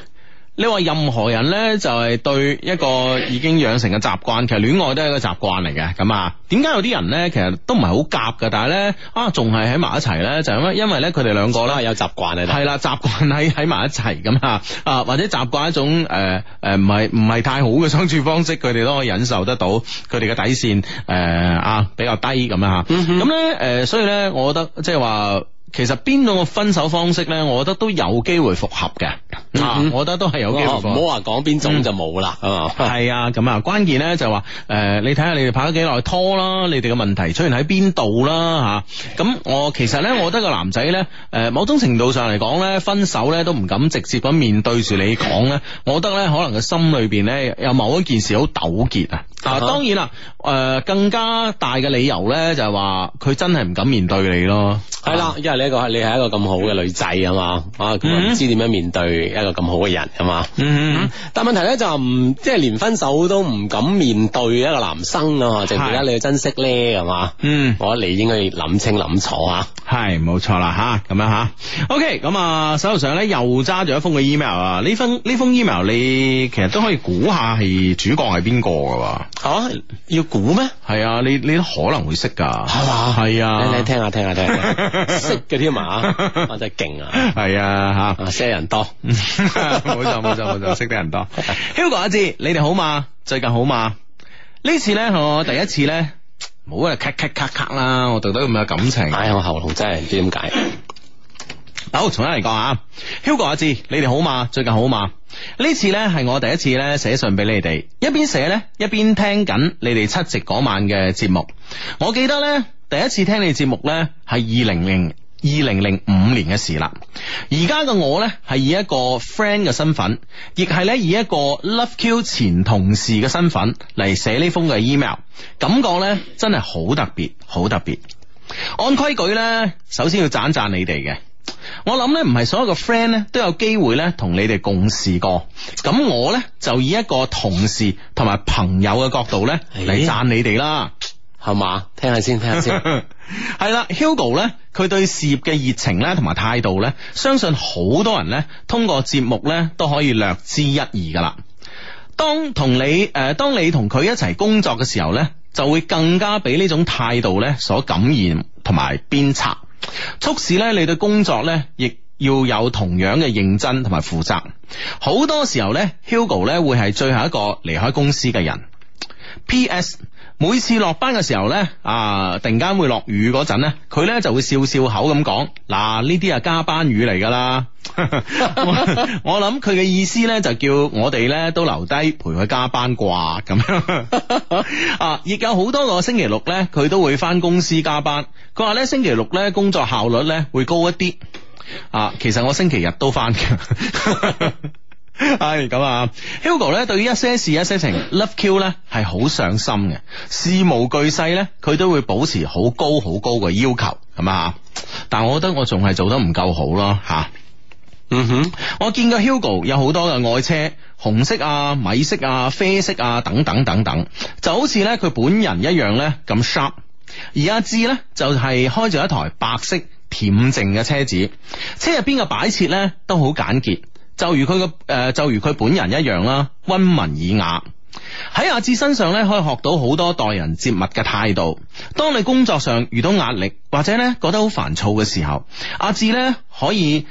你話任何人咧，就係、是、對一個已經養成嘅習慣，其實戀愛都係一個習慣嚟嘅。咁啊，點解有啲人咧，其實都唔係好夾㗎，但係咧啊，仲係喺埋一齊咧，就咁樣，因為咧佢哋兩個啦有習慣嚟。係啦，習慣喺喺埋一齊咁吓啊，或者習慣一種誒誒唔係唔係太好嘅相處方式，佢哋都可以忍受得到，佢哋嘅底線誒、呃、啊比較低咁啊，吓、mm。咁咧誒，所以咧，呃、以我覺得即係話。就是其實邊種嘅分手方式呢，我覺得都有機會復合嘅。嗯嗯、我覺得都係有機會復合。唔好話講邊種就冇啦。哦、嗯，係啊，咁啊，關鍵呢就話、是、誒、呃，你睇下你哋拍咗幾耐拖啦，你哋嘅問題出現喺邊度啦吓。咁、啊、我、嗯呃、其實呢，我覺得個男仔呢，誒、呃，某種程度上嚟講呢，分手呢都唔敢直接咁面對住你講咧。 <laughs> 我覺得呢，可能個心裏邊呢，有某一件事好糾結啊。啊，當然啦，誒、呃，更加大嘅理由咧，就係話佢真係唔敢面對你咯。係啦的，啊、因為呢個係你係一個咁好嘅女仔啊嘛，嗯、哲啊，唔知點樣面對一個咁好嘅人啊嘛。嗯哲，啊、但問題咧就唔、是、即係連分手都唔敢面對一個男生啊，就而家你要珍惜咧係嘛？嗯的，我覺得你的應該諗清諗楚啊。係，冇錯啦，吓，咁樣吓。OK，咁啊，手頭上咧又揸住一封嘅 email 啊，呢封呢封 email 你其實都可以估下係主角係邊個噶。啊！要估咩？係啊，你你都可能會識噶，係嘛吧？係啊，你你聽下聽下聽下，聽下識嘅添啊。嘛、啊，真係勁啊！係啊，吓、啊啊、識人多，冇錯冇錯冇錯，錯錯識得人多。Hugo 阿志，你哋好嘛？Go, you re, you re welcome, 最近好嘛？ <laughs> 呢次咧，我第一次咧，唔好啊，咔咔咔咔啦！我讀得咁有感情，唉、哎，我喉嚨真係唔知點解。好，重新嚟講啊，Hugo 阿志，你哋好嘛？最近好嘛？呢次呢係我第一次呢寫信俾你哋，一邊寫呢，一邊聽緊你哋七夕嗰晚嘅節目。我記得呢第一次聽你節目呢係二零零二零零五年嘅事啦。而家嘅我呢係以一個 friend 嘅身份，亦係呢以一個 Love Q 前同事嘅身份嚟寫呢封嘅 email，感覺呢真係好特別，好特別。按規矩呢，首先要讚讚你哋嘅。我諗咧，唔係所有嘅 friend 咧都有機會咧同你哋共事過。咁我呢就以一個同事同埋朋友嘅角度呢嚟讚你哋啦，係嘛、哎呀？聽下先，聽下先。係啦，Hugo 呢，佢對事業嘅熱情呢同埋態度呢，相信好多人呢通過節目呢都可以略知一二噶啦。當同你誒、呃，當你同佢一齊工作嘅時候呢，就會更加俾呢種態度呢所感染同埋鞭策。促使咧，你對工作咧，亦要有同樣嘅認真同埋負責。好多時候咧，Hugo 咧會係最後一個離開公司嘅人。P.S. 每次落班嘅時候呢、啊，突然間會落雨嗰陣呢，佢呢就會笑笑口咁講，嗱、啊，呢啲係加班雨嚟噶啦。 <laughs> <laughs> 我諗佢嘅意思呢，就叫我哋呢都留低陪佢加班啩咁樣。 <laughs> <laughs> 啊，亦有好多個星期六呢，佢都會翻公司加班。佢話呢，星期六呢工作效率呢會高一啲。啊，其實我星期日都翻嘅。 <laughs> <laughs> 係咁、哎、啊，Hugo 咧對於一些事一些情，Love Q 咧係好上心嘅，事無巨細咧佢都會保持好高好高嘅要求，係嘛、啊？但我覺得我仲係做得唔夠好咯，吓、啊。嗯哼，我見過 Hugo 有好多嘅愛車，紅色啊、米色啊、啡色啊等等等等，就好似咧佢本人一樣咧咁 sharp。sharp, 而阿志咧就係、是、開住一台白色恬靜嘅車子，車入邊嘅擺設咧都好簡潔。就如佢個誒，就如佢本人一樣啦，温文爾雅。喺阿志身上咧，可以學到好多待人接物嘅態度。當你工作上遇到壓力，或者咧覺得好煩躁嘅時候，阿志咧可以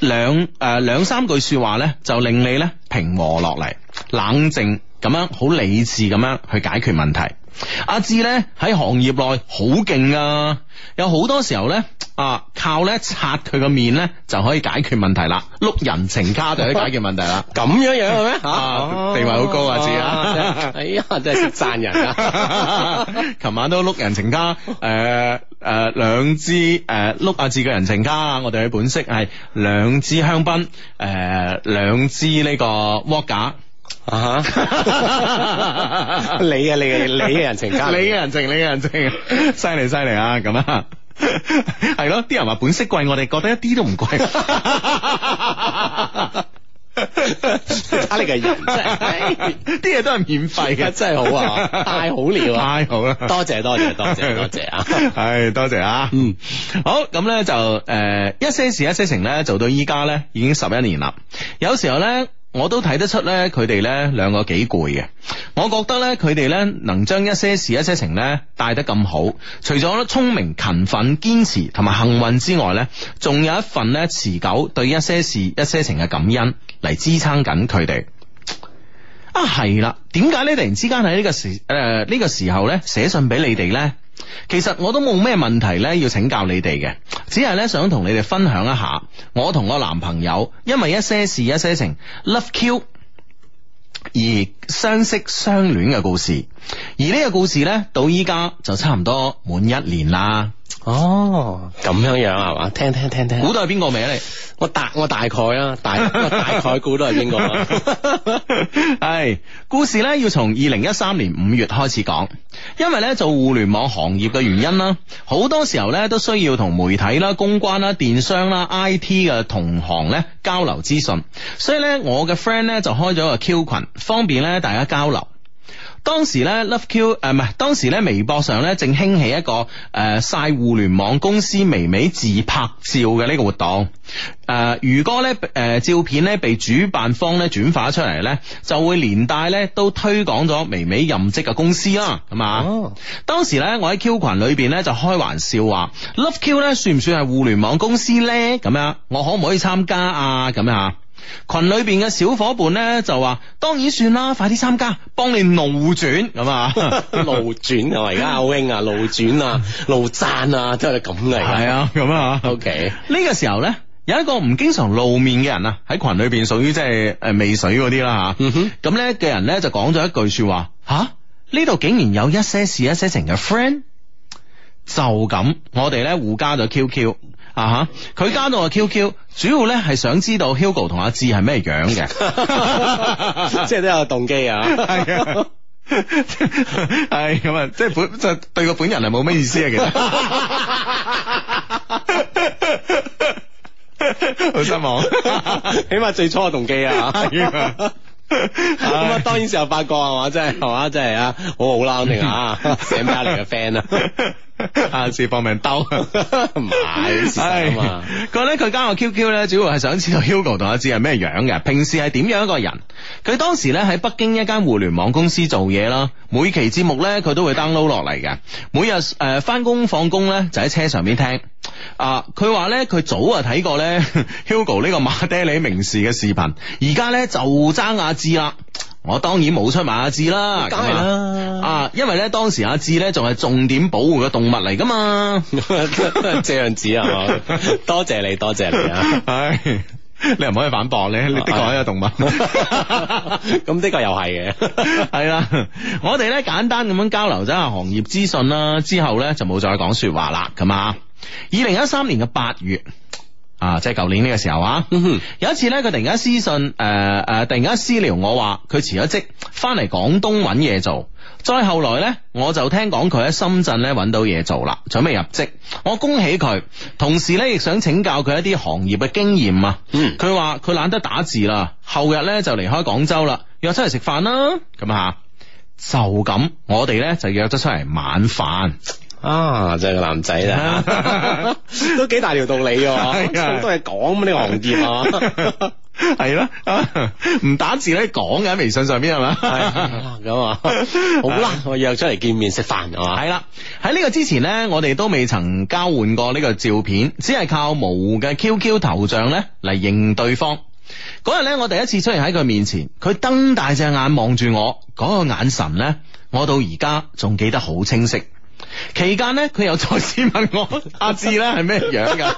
兩誒兩三句說話咧，就令你咧平和落嚟，冷靜咁樣好理智咁樣去解決問題。阿志咧喺行業內好勁啊，有好多時候咧，啊，靠咧擦佢個面咧就可以解決問題啦，碌人情卡就可以解決問題啦，咁 <laughs> 樣樣嘅咩吓？啊啊、地位好高啊，志啊！哎呀，真係識讚人啊！琴、 <laughs> 啊、晚都碌人情卡，誒、呃、誒，兩支誒碌阿志嘅人情卡，我哋嘅本色係兩支香檳，誒兩支呢個威格。尚心啊！你嘅你嘅你嘅人情 <laughs> <laughs> 你嘅人情你嘅人情，犀利犀利啊！咁啊，係咯，啲人話本色貴，我哋覺得一啲都唔貴。你嘅人真係好，啲嘢都係免費嘅， <laughs> 真係好啊，太好料啊，太好了，太好啦！多謝多謝多謝多謝啊！唉、 <laughs> <laughs> 哎，多謝啊！ <laughs> 嗯，好，咁咧就誒，一些事一些情咧，做到依家咧已經十一年啦。有時候咧。我都睇得出咧，佢哋咧兩個幾攰嘅。我覺得咧，佢哋咧能將一些事、一些情咧帶得咁好，除咗聰明、勤奮、堅持同埋幸運之外咧，仲有一份咧持久對一些事、一些情嘅感恩嚟支撐緊佢哋。啊，係啦，點解你突然之間喺呢個時誒呢個時候咧，寫信俾你哋咧，其實我都冇咩問題咧，要請教你哋嘅，只係咧想同你哋分享一下，我同我男朋友因為一些事一些情 love q 而相識相戀嘅故事，而呢個故事咧到依家就差唔多滿一年啦。哦，咁樣樣係嘛？聽聽聽聽，估到係邊個名？你？我大我大概啊，大大概估到係邊個？係 <laughs> <laughs> 故事呢要從二零一三年五月開始講，因為呢做互聯網行業嘅原因啦，好多時候呢都需要同媒體啦、公關啦、電商啦、IT 嘅同行呢交流資訊，所以呢，我嘅 friend 呢就開咗個 Q 群，方便呢大家交流。當時咧 Love Q 誒，唔係，當時咧微博上咧正興起一個誒晒、呃、互聯網公司微微自拍照嘅呢個活動誒、呃，如果咧誒、呃、照片咧被主辦方咧轉發出嚟咧，就會連帶咧都推廣咗微微任職嘅公司啦。係嘛？Oh. 當時咧我喺 Q 群裏邊咧就開玩笑話 Love Q 咧算唔算係互聯網公司咧？咁樣，我可唔可以參加啊？咁樣？群裏邊嘅小伙伴咧就話，當然算啦，快啲參加，幫你怒轉咁 <laughs> <laughs> 啊，怒轉啊，而家阿 wing 啊，怒轉啊，怒讚啊，真係咁嚟，係啊，咁啊，OK。呢個時候咧，有一個唔經常露面嘅人啊，喺群裏邊屬於即係誒尾水嗰啲啦吓，咁咧嘅人咧就講咗一句說話，吓呢度竟然有一些事一些情嘅 friend，就咁，我哋咧互加咗 QQ。吓哈、uh！佢、huh. 加到我 QQ，主要咧係想知道 Hugo 同阿志係咩樣嘅， <laughs> <laughs> 即係都有動機啊！係 <laughs> 啊是的，係咁啊，即係本就對個本人係冇咩意思啊，其實好失望， <laughs> <laughs> 起碼最初嘅動機啊。 <laughs> <laughs> 咁 <laughs> 啊，當然時候發覺係嘛，真係係嘛，真係好好啦，肯定 <laughs> 啊，成家人嘅 friend 啊，下次放命兜唔係，係嘛。佢咧，佢加我 QQ 咧，主要係想知道 Hugo 同阿知係咩樣嘅，平時係點樣一個人。佢當時咧喺北京一間互聯網公司做嘢啦，每期節目咧佢都會 download 落嚟嘅，每日誒翻工放工咧就喺車上邊聽。啊！佢話咧，佢早啊睇過咧，Hugo 個呢個馬爹利名士嘅視頻，而家咧就爭阿志啦。我當然冇出埋阿志啦，梗係啦。啊，因為咧當時阿志咧仲係重點保護嘅動物嚟噶嘛， <laughs> 這樣子啊，多謝你，多謝你啊。係， <laughs> 你唔可以反駁咧，你的確係一個動物。咁 <laughs> Scotland <laughs> 的確又係嘅，係啦。我哋咧簡單咁樣交流咗下行業資訊啦，之後咧就冇再講說話啦，咁啊。二零一三年嘅八月啊，即係舊年呢個時候啊，嗯、哼有一次呢，佢突然間私信誒誒、呃啊，突然間私聊我話佢辭咗職，翻嚟廣東揾嘢做。再後來呢，我就聽講佢喺深圳揾到嘢做啦，準備入職。我恭喜佢，同時呢亦想請教佢一啲行業嘅經驗啊。嗯，佢話佢懶得打字啦，後日呢就離開廣州啦，約出嚟食飯啦。咁吓，就咁我哋呢就約咗出嚟晚飯。啊，真係個男仔啦，啊、 <laughs> 都幾大條道理，好多嘢講咁啲行業係咯，唔、啊、打字咧講嘅喺微信上邊係嘛，咁啊，好啦，啊、我約出嚟見面食飯係嘛，係啦，喺呢個之前咧，我哋都未曾交換過呢個照片，只係靠模糊嘅 QQ 頭像咧嚟認對方。嗰日咧，我第一次出現喺佢面前，佢瞪大隻眼望住我，嗰、嗰個眼神咧，我到而家仲記得好清晰。期間咧，佢又再次問我阿、啊、志咧係咩樣噶？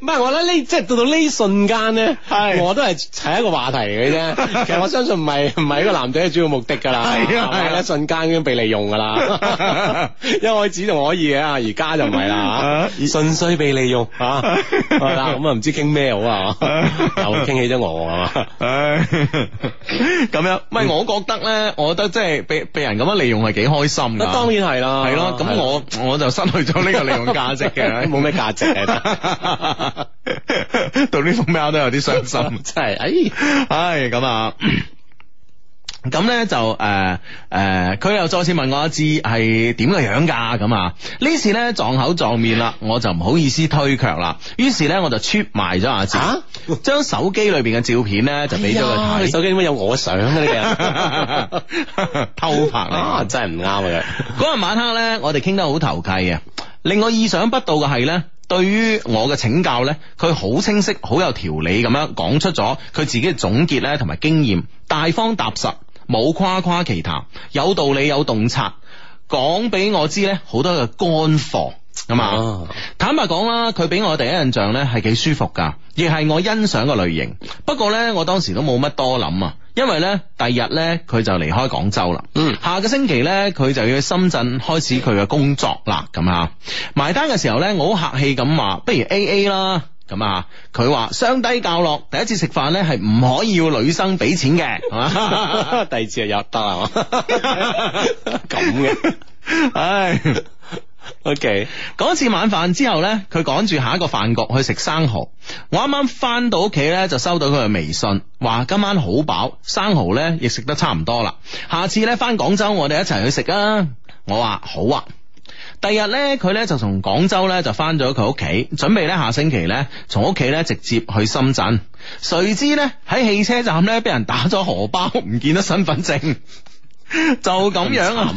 唔係 <laughs> <laughs> 我覺得呢，即係到到呢瞬間咧，係是我都係係一個話題嘅啫。其實我相信唔係唔係一個男仔嘅主要目的噶啦，係啦 <laughs> 瞬間已經被利用噶啦。 <laughs> <laughs> 一開始仲可以嘅，而家就唔係啦，純粹 <laughs> 被利用吓。係啦，咁啊唔知傾咩好啊？ <laughs> 嗯、好 <laughs> 又傾起咗我啊？嘛。 <laughs> 咁這樣子，唔係我覺得咧，我覺得即係、就是、被被人咁樣利用係幾開心噶當然係啦，係咯啦，咁、啊、我啦我就失去咗呢個利用價值嘅，冇咩價值嘅， <laughs> <laughs> <laughs> 到呢封喵都有啲傷心， <laughs> <laughs> 真係，哎，哎，咁啊。咁咧就誒誒，佢、呃呃、又再次問我一次，係點個樣噶咁啊？呢次咧撞口撞面啦，我就唔好意思推卻啦。於是咧我就出賣咗阿志，將、啊、手機裏邊嘅照片咧就俾咗佢睇。哎、呀你手機點解有我相嘅？哎、呀 <laughs> 偷拍啊！真係唔啱嘅。嗰日 <laughs> 晚黑咧，我哋傾得好投契啊。令我意想不到嘅係咧，對於我嘅請教咧，佢好清晰、好有條理咁樣講出咗佢自己嘅總結咧，同埋經驗，大方踏實。冇誇誇其談，有道理有洞察，講俾我知咧，好多嘅乾貨啊。坦白講啦，佢俾我第一印象咧係幾舒服噶，亦係我欣賞嘅類型。不過呢，我當時都冇乜多諗啊，因為呢，第日呢，佢就離開廣州啦。嗯，下個星期呢，佢就要去深圳開始佢嘅工作啦。咁啊，埋單嘅時候呢，我好客氣咁話，不如 A A 啦。咁啊，佢話相低教落，第一次食飯咧係唔可以要女生俾錢嘅，係嘛？第二次又得係嘛？咁嘅，唉，OK。嗰次晚飯之後咧，佢趕住下一個飯局去食生蚝。我啱啱翻到屋企咧，就收到佢嘅微信，話今晚好飽，生蚝咧亦食得差唔多啦。下次咧翻廣州我，我哋一齊去食啊！我話好啊。第日咧，佢咧就從廣州咧就翻咗佢屋企，準備咧下星期咧從屋企咧直接去深圳。誰知咧喺汽車站咧俾人打咗荷包，唔見咗身份證， <laughs> 就咁樣，佢、啊、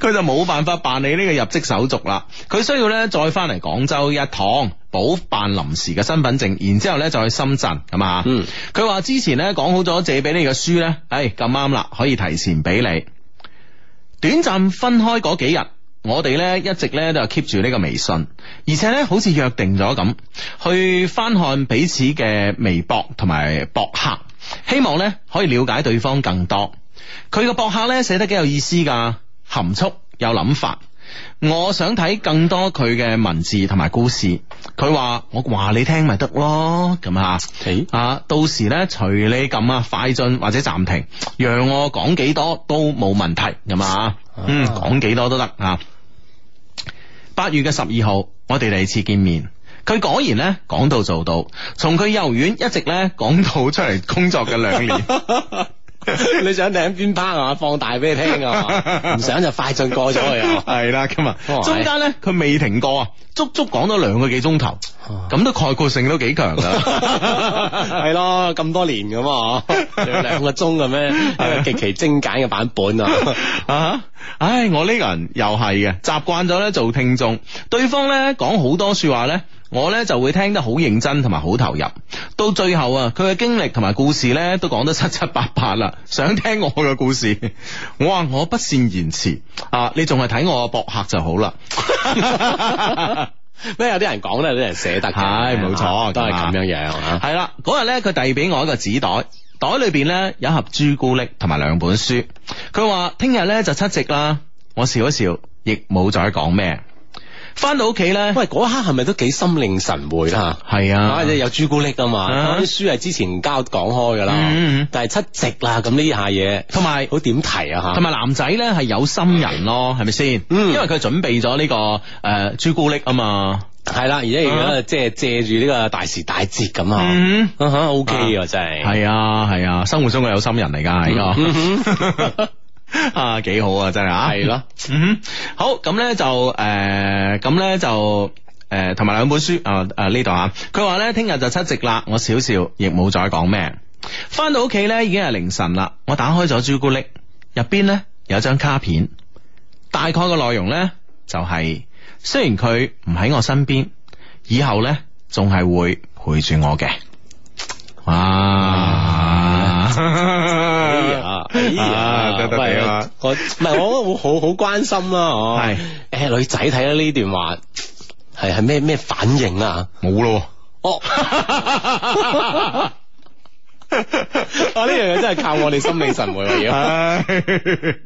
<laughs> 就冇辦法辦理呢個入職手續啦。佢需要咧再翻嚟廣州一趟，補辦臨時嘅身份證，然之後咧就去深圳，係嘛？嗯，佢話之前咧講好咗借俾你嘅書咧，哎咁啱啦，可以提前俾你。短暫分開嗰幾日。我哋咧一直咧都係 keep 住呢個微信，而且咧好似約定咗咁，去翻看彼此嘅微博同埋博客，希望咧可以了解對方更多。佢個博客咧寫得幾有意思噶，含蓄有諗法。我想睇更多佢嘅文字同埋故事。佢話我話你聽咪得咯。咁啊，啊到時咧隨你撳啊快進或者暫停，讓我講幾多都冇問題，咁啊，嗯講幾多都得啊。八月嘅十二號，我哋第二次見面，佢果然咧講到做到，從佢幼兒園一直咧講到出嚟工作嘅兩年。 <laughs> <laughs> 你想聽邊 part 啊？放大俾你聽啊？唔 <laughs> 想就快進過咗佢啊？係啦， <laughs> 今日中間咧，佢未停過啊，足足講咗兩個幾鐘頭，咁都概括性都幾強噶，係 <laughs> 咯， <laughs> 咁多年咁啊，兩個鐘嘅咩？係啊， <laughs> 極其精簡嘅版本啊！唉、 <laughs> 哎，我呢個人又係嘅，習慣咗咧做聽眾，對方咧講好多說話咧。我咧就會聽得好認真同埋好投入，到最後啊，佢嘅經歷同埋故事咧都講得七七八八啦。想聽我嘅故事，我話我不善言辭啊，你仲係睇我博客就好啦。咩？有啲人講咧，有啲人寫得係冇錯，錯啊、都係咁樣樣。係啦、啊，嗰日咧佢遞俾我一個紙袋，袋裏邊咧有一盒朱古力同埋兩本書。佢話聽日咧就七夕啦，我笑一笑，亦冇再講咩。翻到屋企咧，喂嗰刻係咪都幾心領神會啦？係啊，即有朱古力啊嘛，啲書係之前交講開噶啦，但係七夕啦咁呢下嘢，同埋好點題啊吓，同埋男仔咧係有心人咯，係咪先？嗯，因為佢準備咗呢個誒朱古力啊嘛，係啦，而且而家即係借住呢個大時大節咁啊，嗯哼，O K 啊，真係，係啊係啊，生活中嘅有心人嚟噶呢個。啊，幾好啊真係啊，係咯，好咁咧就誒，咁、呃、咧就誒，同埋兩本書啊啊、呃呃、呢度啊，佢話咧聽日就七夕啦，我少少，亦冇再講咩，翻到屋企咧已經係凌晨啦，我打開咗朱古力，入邊咧有張卡片，大概嘅內容咧就係、是、雖然佢唔喺我身邊，以後咧仲係會陪住我嘅，哇！哎呀，唔係我唔係我覺得會好好關心啦，哦係誒女仔睇到呢段話係係咩咩反應啊？冇咯哦，啊呢樣嘢真係靠我哋心領神會喎，要。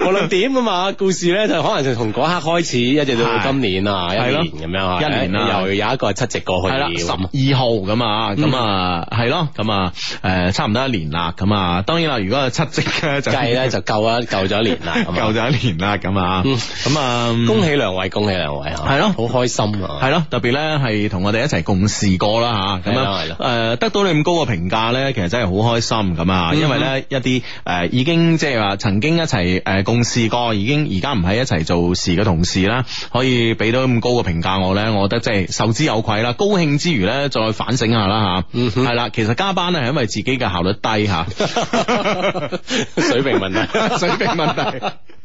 無論點啊嘛，故事咧就可能就從嗰刻開始，一直到今年啊，一年咁樣啊，一年啦，又有一個係七夕過去啦。二號咁啊，咁啊係咯，咁啊誒差唔多一年啦，咁啊當然啦，如果係七夕咧就計咧就夠啊，夠咗一年啦，夠咗一年啦，咁啊，咁啊，恭喜兩位，恭喜兩位，啊。係咯，好開心啊，係咯，特別咧係同我哋一齊共事過啦吓，咁啊，誒，得到你咁高嘅評價咧，其實真係好開心咁啊，因為咧一啲誒已經即係話曾經。一齊誒、呃、共事過，已經而家唔係一齊做事嘅同事啦，可以俾到咁高嘅評價我咧，我覺得即係受之有愧啦。高興之餘咧，再反省下啦吓。係、啊、啦、嗯哼，其實加班咧係因為自己嘅效率低吓，啊、 <laughs> <laughs> 水平問題，水平問題。 <laughs>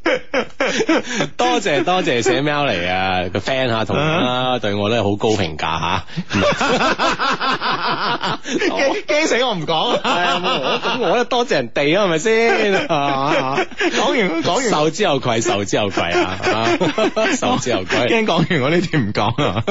多謝多謝，寫喵嚟，啊個 friend 啊，同啊對我咧好高評價吓，驚，驚死我唔講啊。咁我咧多謝人哋啊係咪先啊，講完講完，受之有愧受之有愧啊受之有愧，驚講、啊、完我呢啲唔講啊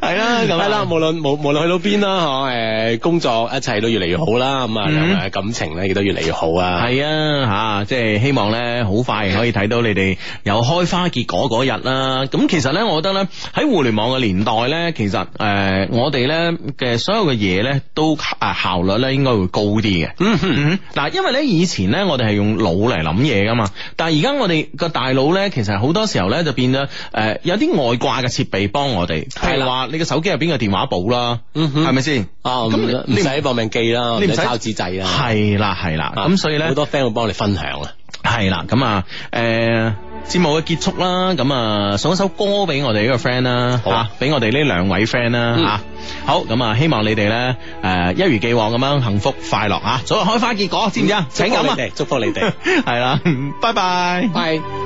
係啦，咁係啦，無論無無論去到邊啦嗬，誒，工作一切都越嚟越好啦，咁啊感情咧亦都越嚟越好、嗯、啊係啊吓，即係希望咧好快。可以睇到你哋有開花結果嗰日啦，咁其實咧，我覺得咧喺互聯網嘅年代咧，其實誒、呃、我哋咧嘅所有嘅嘢咧都誒效率咧應該會高啲嘅。嗯哼嗯，嗱因為咧以前咧我哋係用腦嚟諗嘢噶嘛，但係而家我哋個大腦咧其實好多時候咧就變咗誒有啲外掛嘅設備幫我哋，即係話你個手機入邊嘅電話簿啦，嗯哼，係咪先？啊，咁你唔使搏命記啦，你唔使抄紙製啦，係啦係啦，咁、啊、所以咧好多 friend 會幫你分享啦。係啦，咁啊，誒、呃，節目嘅結束啦，咁啊，送一首歌俾我哋呢個 friend 啦，好吓，俾、啊、我哋呢兩位 friend 啦，吓、嗯啊，好，咁啊，希望你哋咧，誒、呃，一如既往咁樣幸福快樂啊，早日開花結果，知唔知啊？請飲啊！ <laughs> 祝福你哋，係啦，拜拜，拜。